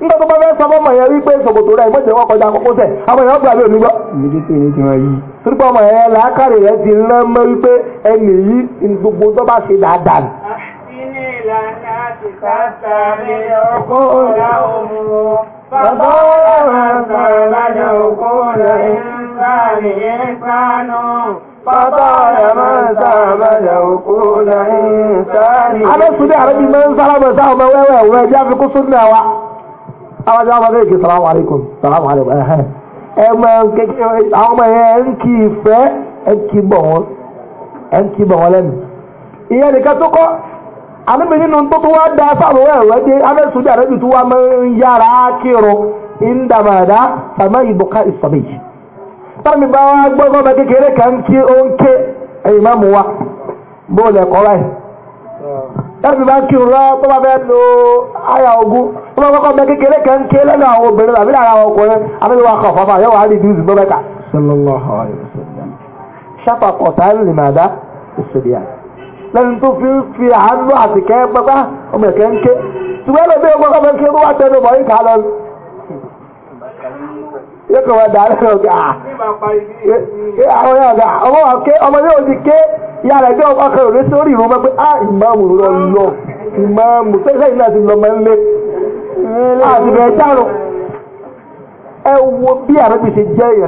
nígbà tó bá fẹ́ sọ fọ́mọ yẹn wípé ṣòkòtò rẹ̀ ìmọ̀jẹ̀ wọn kọjá àkókò sẹ̀ àwọn èèyàn gbà lónìí gbọ́. torí pé ọmọ yẹn làákàrè rẹ̀ ti rán mọ́ wípé ẹnì yìí gbogbo tó bá ṣe dáadáa nì. Bàbá ọ̀rọ̀ àgbàlagbà òkú rẹ̀ ń sáré pánú. Adé Sùdé Àrẹ́bí máa ń sára bọ̀ sáà ọmọ wẹ́wẹ́ ìwé ẹjẹ́ àfikún súnmọ́ wa àwọn ọjọ́ ọmọ kéèké salamu alaikum salamu alaikum ẹ̀hẹ́n ẹ̀mọ kéèké àwọn ọmọ yẹn ẹ̀ ń kí ìfẹ́ ẹ̀ ń kí bọ̀ wọ́n ẹ̀ ń kí bọ̀ wọ́n lẹ́nu. ìyẹn nìkan tó kọ́ àníbi nínú tó tó wá da sáàbù wẹ̀ wẹ́ dé abẹ́sùdí àrẹ́bì tó wá máa ń yára kírun ìndàmàdá sàmá ìbùkà ìsọ̀bì yìí. sáàmì bá wá gbọ́ tẹ́lifí bá kí òun lọ́wọ́ pọ́ bá fẹ́ lo àyà ogun tó bá kọ́kọ́ bẹ kékeré kan ké lẹ́nu àwọn obìnrin tàbí lára àwọn ọkùnrin abẹ́lẹ́wà kan fọ́fà yóò wá rí dùzù bọ́bẹ́ kà. ṣáfà kọ̀tà lè má dá ìṣòdì à. lẹ́nu tó fi ń fi àánú àtìkẹ́ pẹ́pẹ́ ọmọ ẹ̀kẹ́ ń ké. ṣùgbọ́n kọ́kọ́ bẹ ké wọ́n wá tẹnu bọ̀ yìí kà yóò kọ̀ wọ́n dàrẹ́ lọ gà àwọn yóò gà ọmọ wa ké ọmọ yóò di ké ìyá rẹ̀ sórí pé á ah, ìmáàmù lọ lọ ìmáàmù sẹ́sẹ́ yìí lọ ń lé. àti ẹ wo bí àrẹ́bí ṣe jẹ́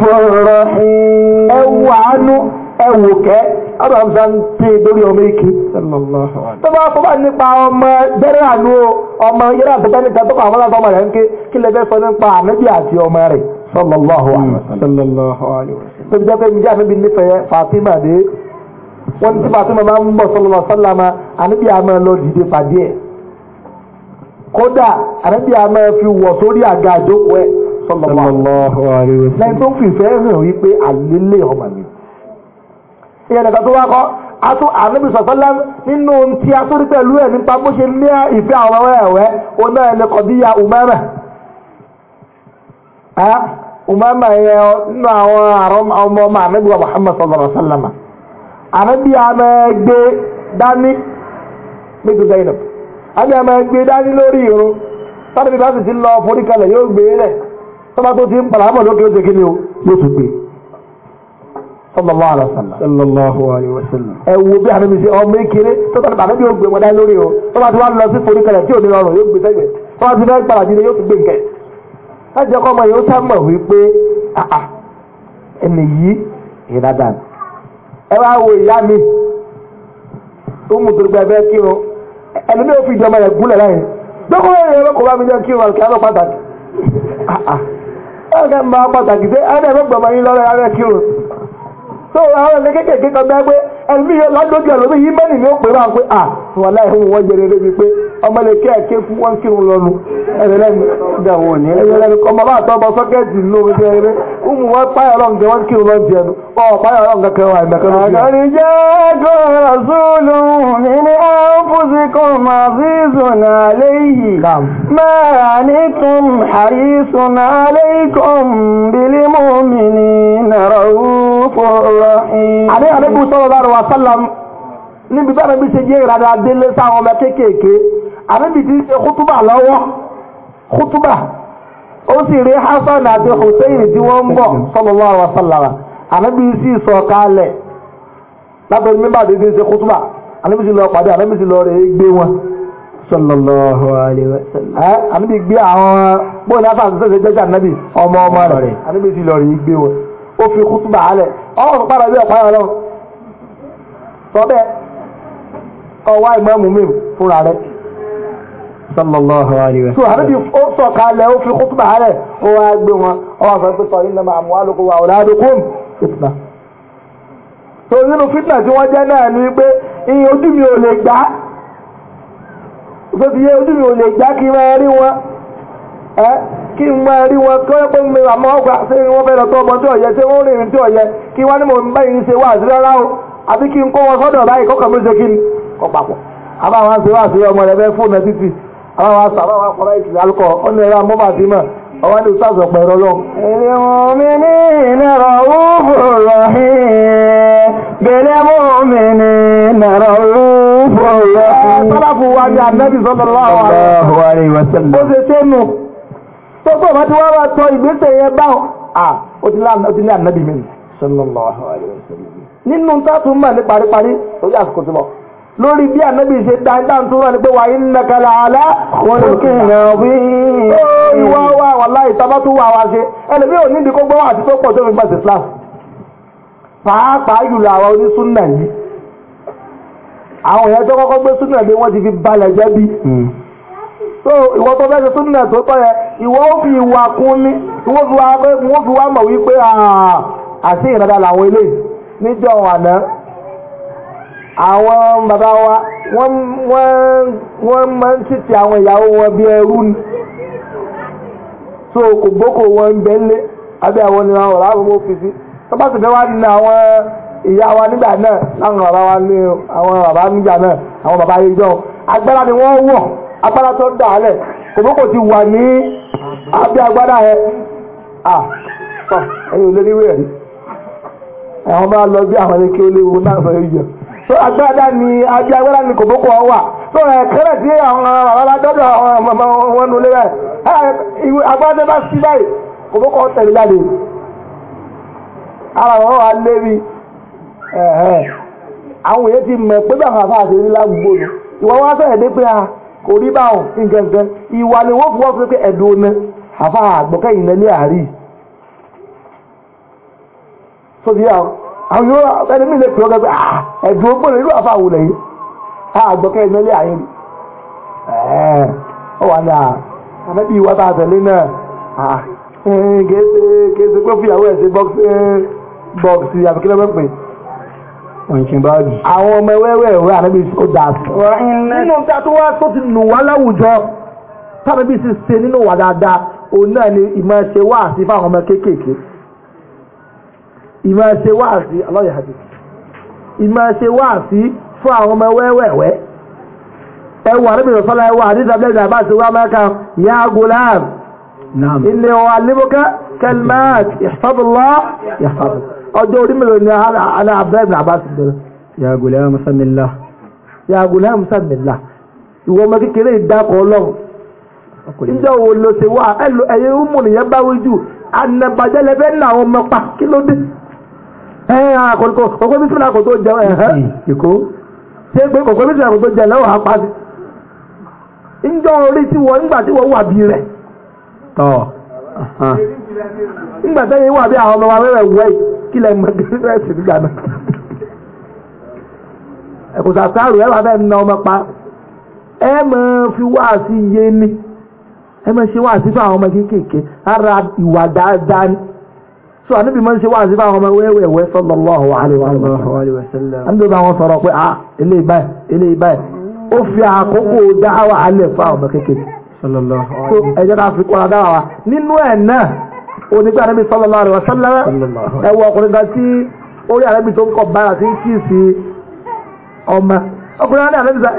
tó. mọ́ ẹ̀wò kẹ́ abrahamsa ń pè lórí ọmọ èké. tó bá fọ́ bá nípa ọmọ bẹ́rẹ̀ àánú ọmọ yẹ́rẹ́ àtẹ́tẹ́ níta tó kọ́ àwọn ọmọ rẹ̀ ń ké kí lè fẹ́ sọ nípa ànábì àti ọmọ rẹ̀ sallallahu alaihi wasallam. tó bí jẹ́ pé mi jẹ́ ànábì nífẹ̀ẹ́ Fatima dé wọ́n ti Fatima máa ń bọ̀ sallallahu alaihi wasallam ànábì àmọ́ lọ dìde pàdé ẹ̀ kódà ànábì àmọ́ fi wọ̀ sórí àga àjókòó ẹ̀ sallallahu alaihi wasallam. lẹ́yìn tó ń fìfẹ́ hàn wípé àlélẹ̀ ìyẹn nìkan tó wá kọ́ atú ànábì sọ̀sọ́lẹ́m nínú ohun tí a sórí pẹ̀lú ẹ̀ nípa bó ṣe ní ìfẹ́ àwọn ọmọ ẹ̀wẹ́ òun náà ní kọ̀díyà umama umama yẹ nínú àwọn ọmọ ọmọ ànábì wa Muhammad sallallahu alaihi wasallam ànábì àmọ́ ẹgbẹ́ dání méjì Zainab ànábì àmọ́ ẹgbẹ́ dání lórí irun sábà bí bá sì ti lọ forí kalẹ̀ yóò gbé lẹ̀ sábà tó ti ń pàlámọ̀ lókè ó ti kí ni o yóò gbé sallallahu alayhi wa sallam. sallallahu alayhi wa sallam. ẹ ṣe ọmọ ekele tó tọ́ni bàbá mi lórí o tó lọ sí forí tí ò ní rọrùn yóò gbé sẹ́yìn tó bá ti yóò gbé so àwọn ẹni kékèké kan bẹ́ẹ̀ pé ẹ̀mí ládójú ẹ̀lómi yìí mẹ́rin ni ó pè wá pé à wọn láì fún wọn jẹrẹ débi pé ọmọ lè kéèké fún wọn kírun lọnu ẹrẹlẹmi dà wọn ní ẹrẹlẹmi ọmọ bá tọ́ ọmọ sọ́kẹ́ẹ̀tì lórí ẹrẹlẹ ọmọ wọn páyà lọ́n jẹ wọn kírun lọ́n jẹnu ọ páyà lọ́n kankan wà ìgbàkan lọ́n jẹnu. àkàrí jẹ́ kó rasúlù mi ní àǹfùsìkò máa fi zùn àléyìí máa nìkún àrísùn àléyìkùn bílímù mi ní nàrọ̀ òfò rọ̀ níbi bá mi ṣe yé ìrada délé sáwọn ọmọ kéékèèké àbíbi tí ń ṣe kútúbà lọ́wọ́ kútúbà ó sì rí Hasan àti Hussein tí wọ́n ń bọ̀ sallallahu alaihi wasallam àbíbi sì sọ kalẹ̀ látọ̀ ní mímbà tí ń ṣe kútúbà àbíbi sì lọ pàdé àbíbi sì lọ rẹ̀ gbé wọn sallallahu alaihi wasallam. ẹ àbíbi gbé àwọn bóyá náà fàṣẹ ṣẹṣẹ jẹjẹ ànábì ọmọ ọmọ rẹ̀ ọwá ìmọ̀mù mi fúnra rẹ̀ sallallahu alayhi wa sallam. so àbẹ́bí ó sọ kalẹ̀ ó fi kútùbà rẹ̀ ó wá gbé wọn ó wá fẹ́ pé sọ yín lọ́mọ àmú alùpùpù wa ọ̀làdùkùn fitna. so nínú fitna tí wọ́n jẹ́ náà ni pé iye ojú mi ò lè gbá sọ́tí iye ojú mi ò lè gbá kí n máa rí wọn ẹ́ kí n máa rí kọ́ papọ̀ àbáwọn ṣe wá sí ọmọ rẹ fẹ́ fóònù ẹ títì àbáwọn ṣe àbáwọn akọ̀rọ̀ ìtì alukọ̀ ọ̀nà ẹ̀rọ amọ́bà ti mọ̀ ọwọ́ ní sàṣọ pẹ̀rọ lọ. المؤمنين رؤوف رحيم بالمؤمنين رؤوف رحيم. sọ́láfù wa ni ànábì sallallahu alaihi wasallam. ó ṣe ṣé nù tó tó bá ti wá wá tọ ìgbésẹ̀ yẹn báwọn ó ti ní ànábì mi sallallahu alaihi wasallam. nínú tá a tún mọ̀ ní paríparí lórí àsìkò tó lọ lórí bí ànábì ṣe ta ẹ̀dá tó rọ̀ ní pé wà iná kalẹ̀ alá wọn kì í rẹ̀ wí. ìwọ wa wà láì tábà tó wà wá ṣe ẹlẹ́bí ò nídìí kó gbọ́wọ́ àti tó pọ̀ tó fi gbà sí pàápàá jùlọ àwa onísúnà yìí àwọn èèyàn tó kọ́kọ́ gbé súnà bí wọ́n ti fi balẹ̀ jẹ́ bí. Hmm. so ìwọ tó fẹ́ẹ́ ṣe súnà tó tọ́ yẹ ìwọ ó fi ìwà kún ní wọ́n fi wá mọ̀ wípé àṣìyàn dáadáa làwọn eléyìí níjọ́ àná àwọn bàbá wa wọ́n máa ń títí àwọn ìyàwó wọn bí ẹrú ni so kò gbókò wọn ń lé abẹ́ àwọn ni ọ̀rọ̀ àwọn ọmọ sì fẹ́ wá àwọn ìyá wa nígbà náà láwọn bàbá wa ní àwọn bàbá nígbà náà àwọn bàbá yìí jọ agbára ni wọ́n wọ̀ agbára tó dà kò gbókò ti wà ní abẹ́ agbára yẹn àwọn lọ bí àwọn ẹni kí náà fẹ́ so agbada ni ajé agbada ni kòbókò ọwà so ẹ̀kẹ́rẹ́ tí àwọn bàbá dọ́dọ̀ àwọn ọmọ wọn nù lé báyìí agbada bá sí báyìí kòbókò tẹ̀lé jáde ara wọn wà lébi àwọn èyí ti mọ̀ pé báwọn afá àti gbogbo nù ìwọ wọn pé a kò rí nǹkan ìwà ni fọwọ́ pé ẹ̀dùn ọ̀nà afá àárí so àwọn yóò ẹni mi lè pè ọ́ gẹ́gẹ́ ah, ẹ̀dùn ogbó rẹ̀ irú àfa àwòlẹ̀ yìí ah, àgbọ̀kẹ́ ìmẹ́lẹ̀ àyè ni ọ wà ní ah, àmẹ́bí ìwà tá a tẹ̀lé náà kéèsè kéèsè pé fìyàwó ẹ̀ sí bọ́ọ̀sì bọ́ọ̀sì àbíkílẹ̀ mẹ́pẹ́ àwọn ọmọ ẹwẹ́wẹ́ ẹ̀wẹ́ ànábì ó dà sí. nínú tí a tó wá tó ti nù wá láwùjọ tábìbì sì ṣe nínú wà dáadáa òun náà ni ìmọ̀ ṣe wá àti fáwọn ọmọ kéékèèké ìmọ̀ ṣe wáàsí aláyọ̀ àti ìmọ̀ ṣe wáàsí fún àwọn ọmọ wẹ́wẹ́wẹ́ ẹwà arábìnrin sọ́lá ẹwà àdídàbílẹ̀ ìdàbà sí wá mẹ́ka ya gulam ilé wa alimuka kalmat ihfadullah ihfadullah ọjọ́ orí mélòó ni alẹ́ abdullahi bin abbas bẹ̀rẹ̀ ya gulam samillah ya gulam samillah ìwọ ọmọ kékeré ìdákọ̀ kòkó bísímìlà kò tó jẹun ẹ̀hẹ́ ìkó ṣé pé kòkó bísímìlà kò tó jẹun lẹ́wọ̀n apá sí njọ́ orí tí wọ́n nígbà tí wọ́n wà bí rẹ̀ tọ́ nígbà tẹ́yìn wà bí àwọn ọmọ wa wẹ́rẹ̀ wẹ́ kí lẹ́ mọ̀ kí lẹ́ sì nígbà náà ẹ̀kọ́ sàtàrù ẹ̀ wà fẹ́ na ọmọ ni ẹ mọ̀ ṣe wá so ànábì máa ń ṣe wáàsí fáwọn ọmọ wẹ́wẹ́wẹ́ sallallahu alaihi wa sallam ànábì bá wọn sọ̀rọ̀ pé ah eléyìí báyìí eléyìí báyìí ó fi àkókò dáhàwá alẹ́ fáwọn ọmọ kékeré so ẹ̀jẹ̀ náà fi kọ́ra dáhàwá nínú ẹ̀ náà onígbà ànábì sallallahu alaihi wa sallam ẹ̀wọ̀ ọkùnrin kan tí orí ànábì tó ń kọ̀ bára tí ń kí sí ọmọ ọkùnrin náà ànábì sọ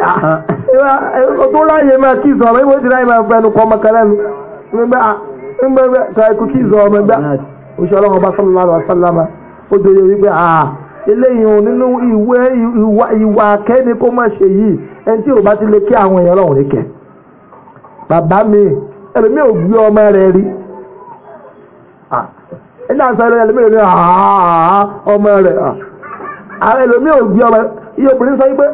ọdún ah, láyé máa kí ìsọ̀ ọmọ ìwé ìdílé oṣù ọlọ́run bá sallallahu alaihi wasallam ó jòyè wípé àà eléyìí òun nínú ìwé ìwà kẹ́ni kó má ṣe yìí ẹni tí ò bá ti lè kí àwọn èèyàn ọlọ́run kẹ́ bàbá mi ẹlòmí ò gbé ọmọ rẹ rí ẹni àṣà ẹlòmí rẹ ọmọ rẹ ẹlòmí ò gbé ọmọ iye obìnrin sọ wípé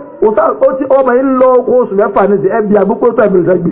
ọmọ yìí ń lọ oṣù mẹ́fà ní ti ẹbí àgbókòtò ẹ̀mí rẹ gbé.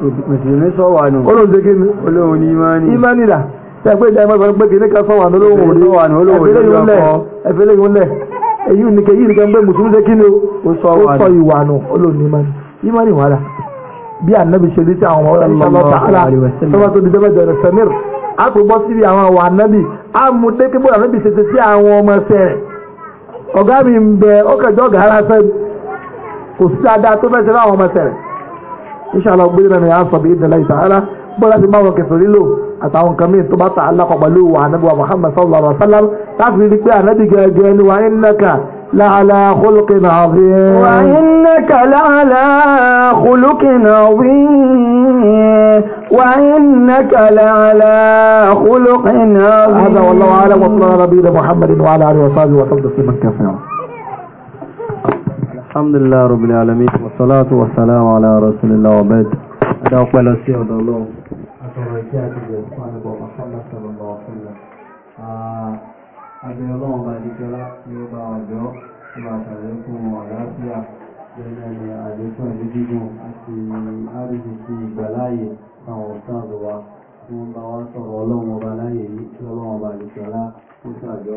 mùsùlùmí sọ wà nù. olóhùn ṣe ni. la ṣe pé sọ wà sọ wà nù yìí ni yìí ń gbé ṣe ni o. sọ ìwà nù imani. imani wà rà bí anabi ṣe sí àwọn ọmọ ọlọ́run ala sọlọ́ tó di dẹ́gbẹ́jọ rẹ̀ sẹ́mìr a kò bọ́ síbi àwọn àwọn anabi a mú dékè anabi ṣe sí àwọn ara kò sí dáadáa tó inṣàlá gbélé náà ni à ń sọ bí ìdílé ìtàhálà bọ́lá ti máa wọn kẹsàn lílò àtàwọn nǹkan míì tó bá ta alákọ̀ pẹ̀lú ànábì wa Muhammad sallallahu alaihi wa sallam láti rí pé ànábì gẹ́gẹ́ ni wa innaka la'ala khuluqin azim. wa innaka la'ala khuluqin azim. وإنك لعلى خلق عظيم هذا والله أعلم وصلى نبينا محمد وعلى آله وصحبه وسلم تسليما كثيرا alhamdulillah rabbil alamin wasalatu wasalamu ala rasulillah wa bed ada ọpẹ́ lọ sí ọ̀dọ̀ Ọlọ́run àtọrọ ìkí àti ìgbẹ fún àgbọ Muhammad sallallahu alaihi wasallam àbẹ Ọlọ́run bá di kẹlá ní ó bá ọjọ́ tó bá ṣàlékún àlàáfíà lẹ́yìn àlékún ẹ̀mí gígùn àti àríṣiṣi ìgbàláyè àwọn ọ̀sán àbúwá tí wọ́n bá wá sọ̀rọ̀ Ọlọ́run ọba láyè yìí tí Ọlọ́run bá di kẹlá ó ṣàjọ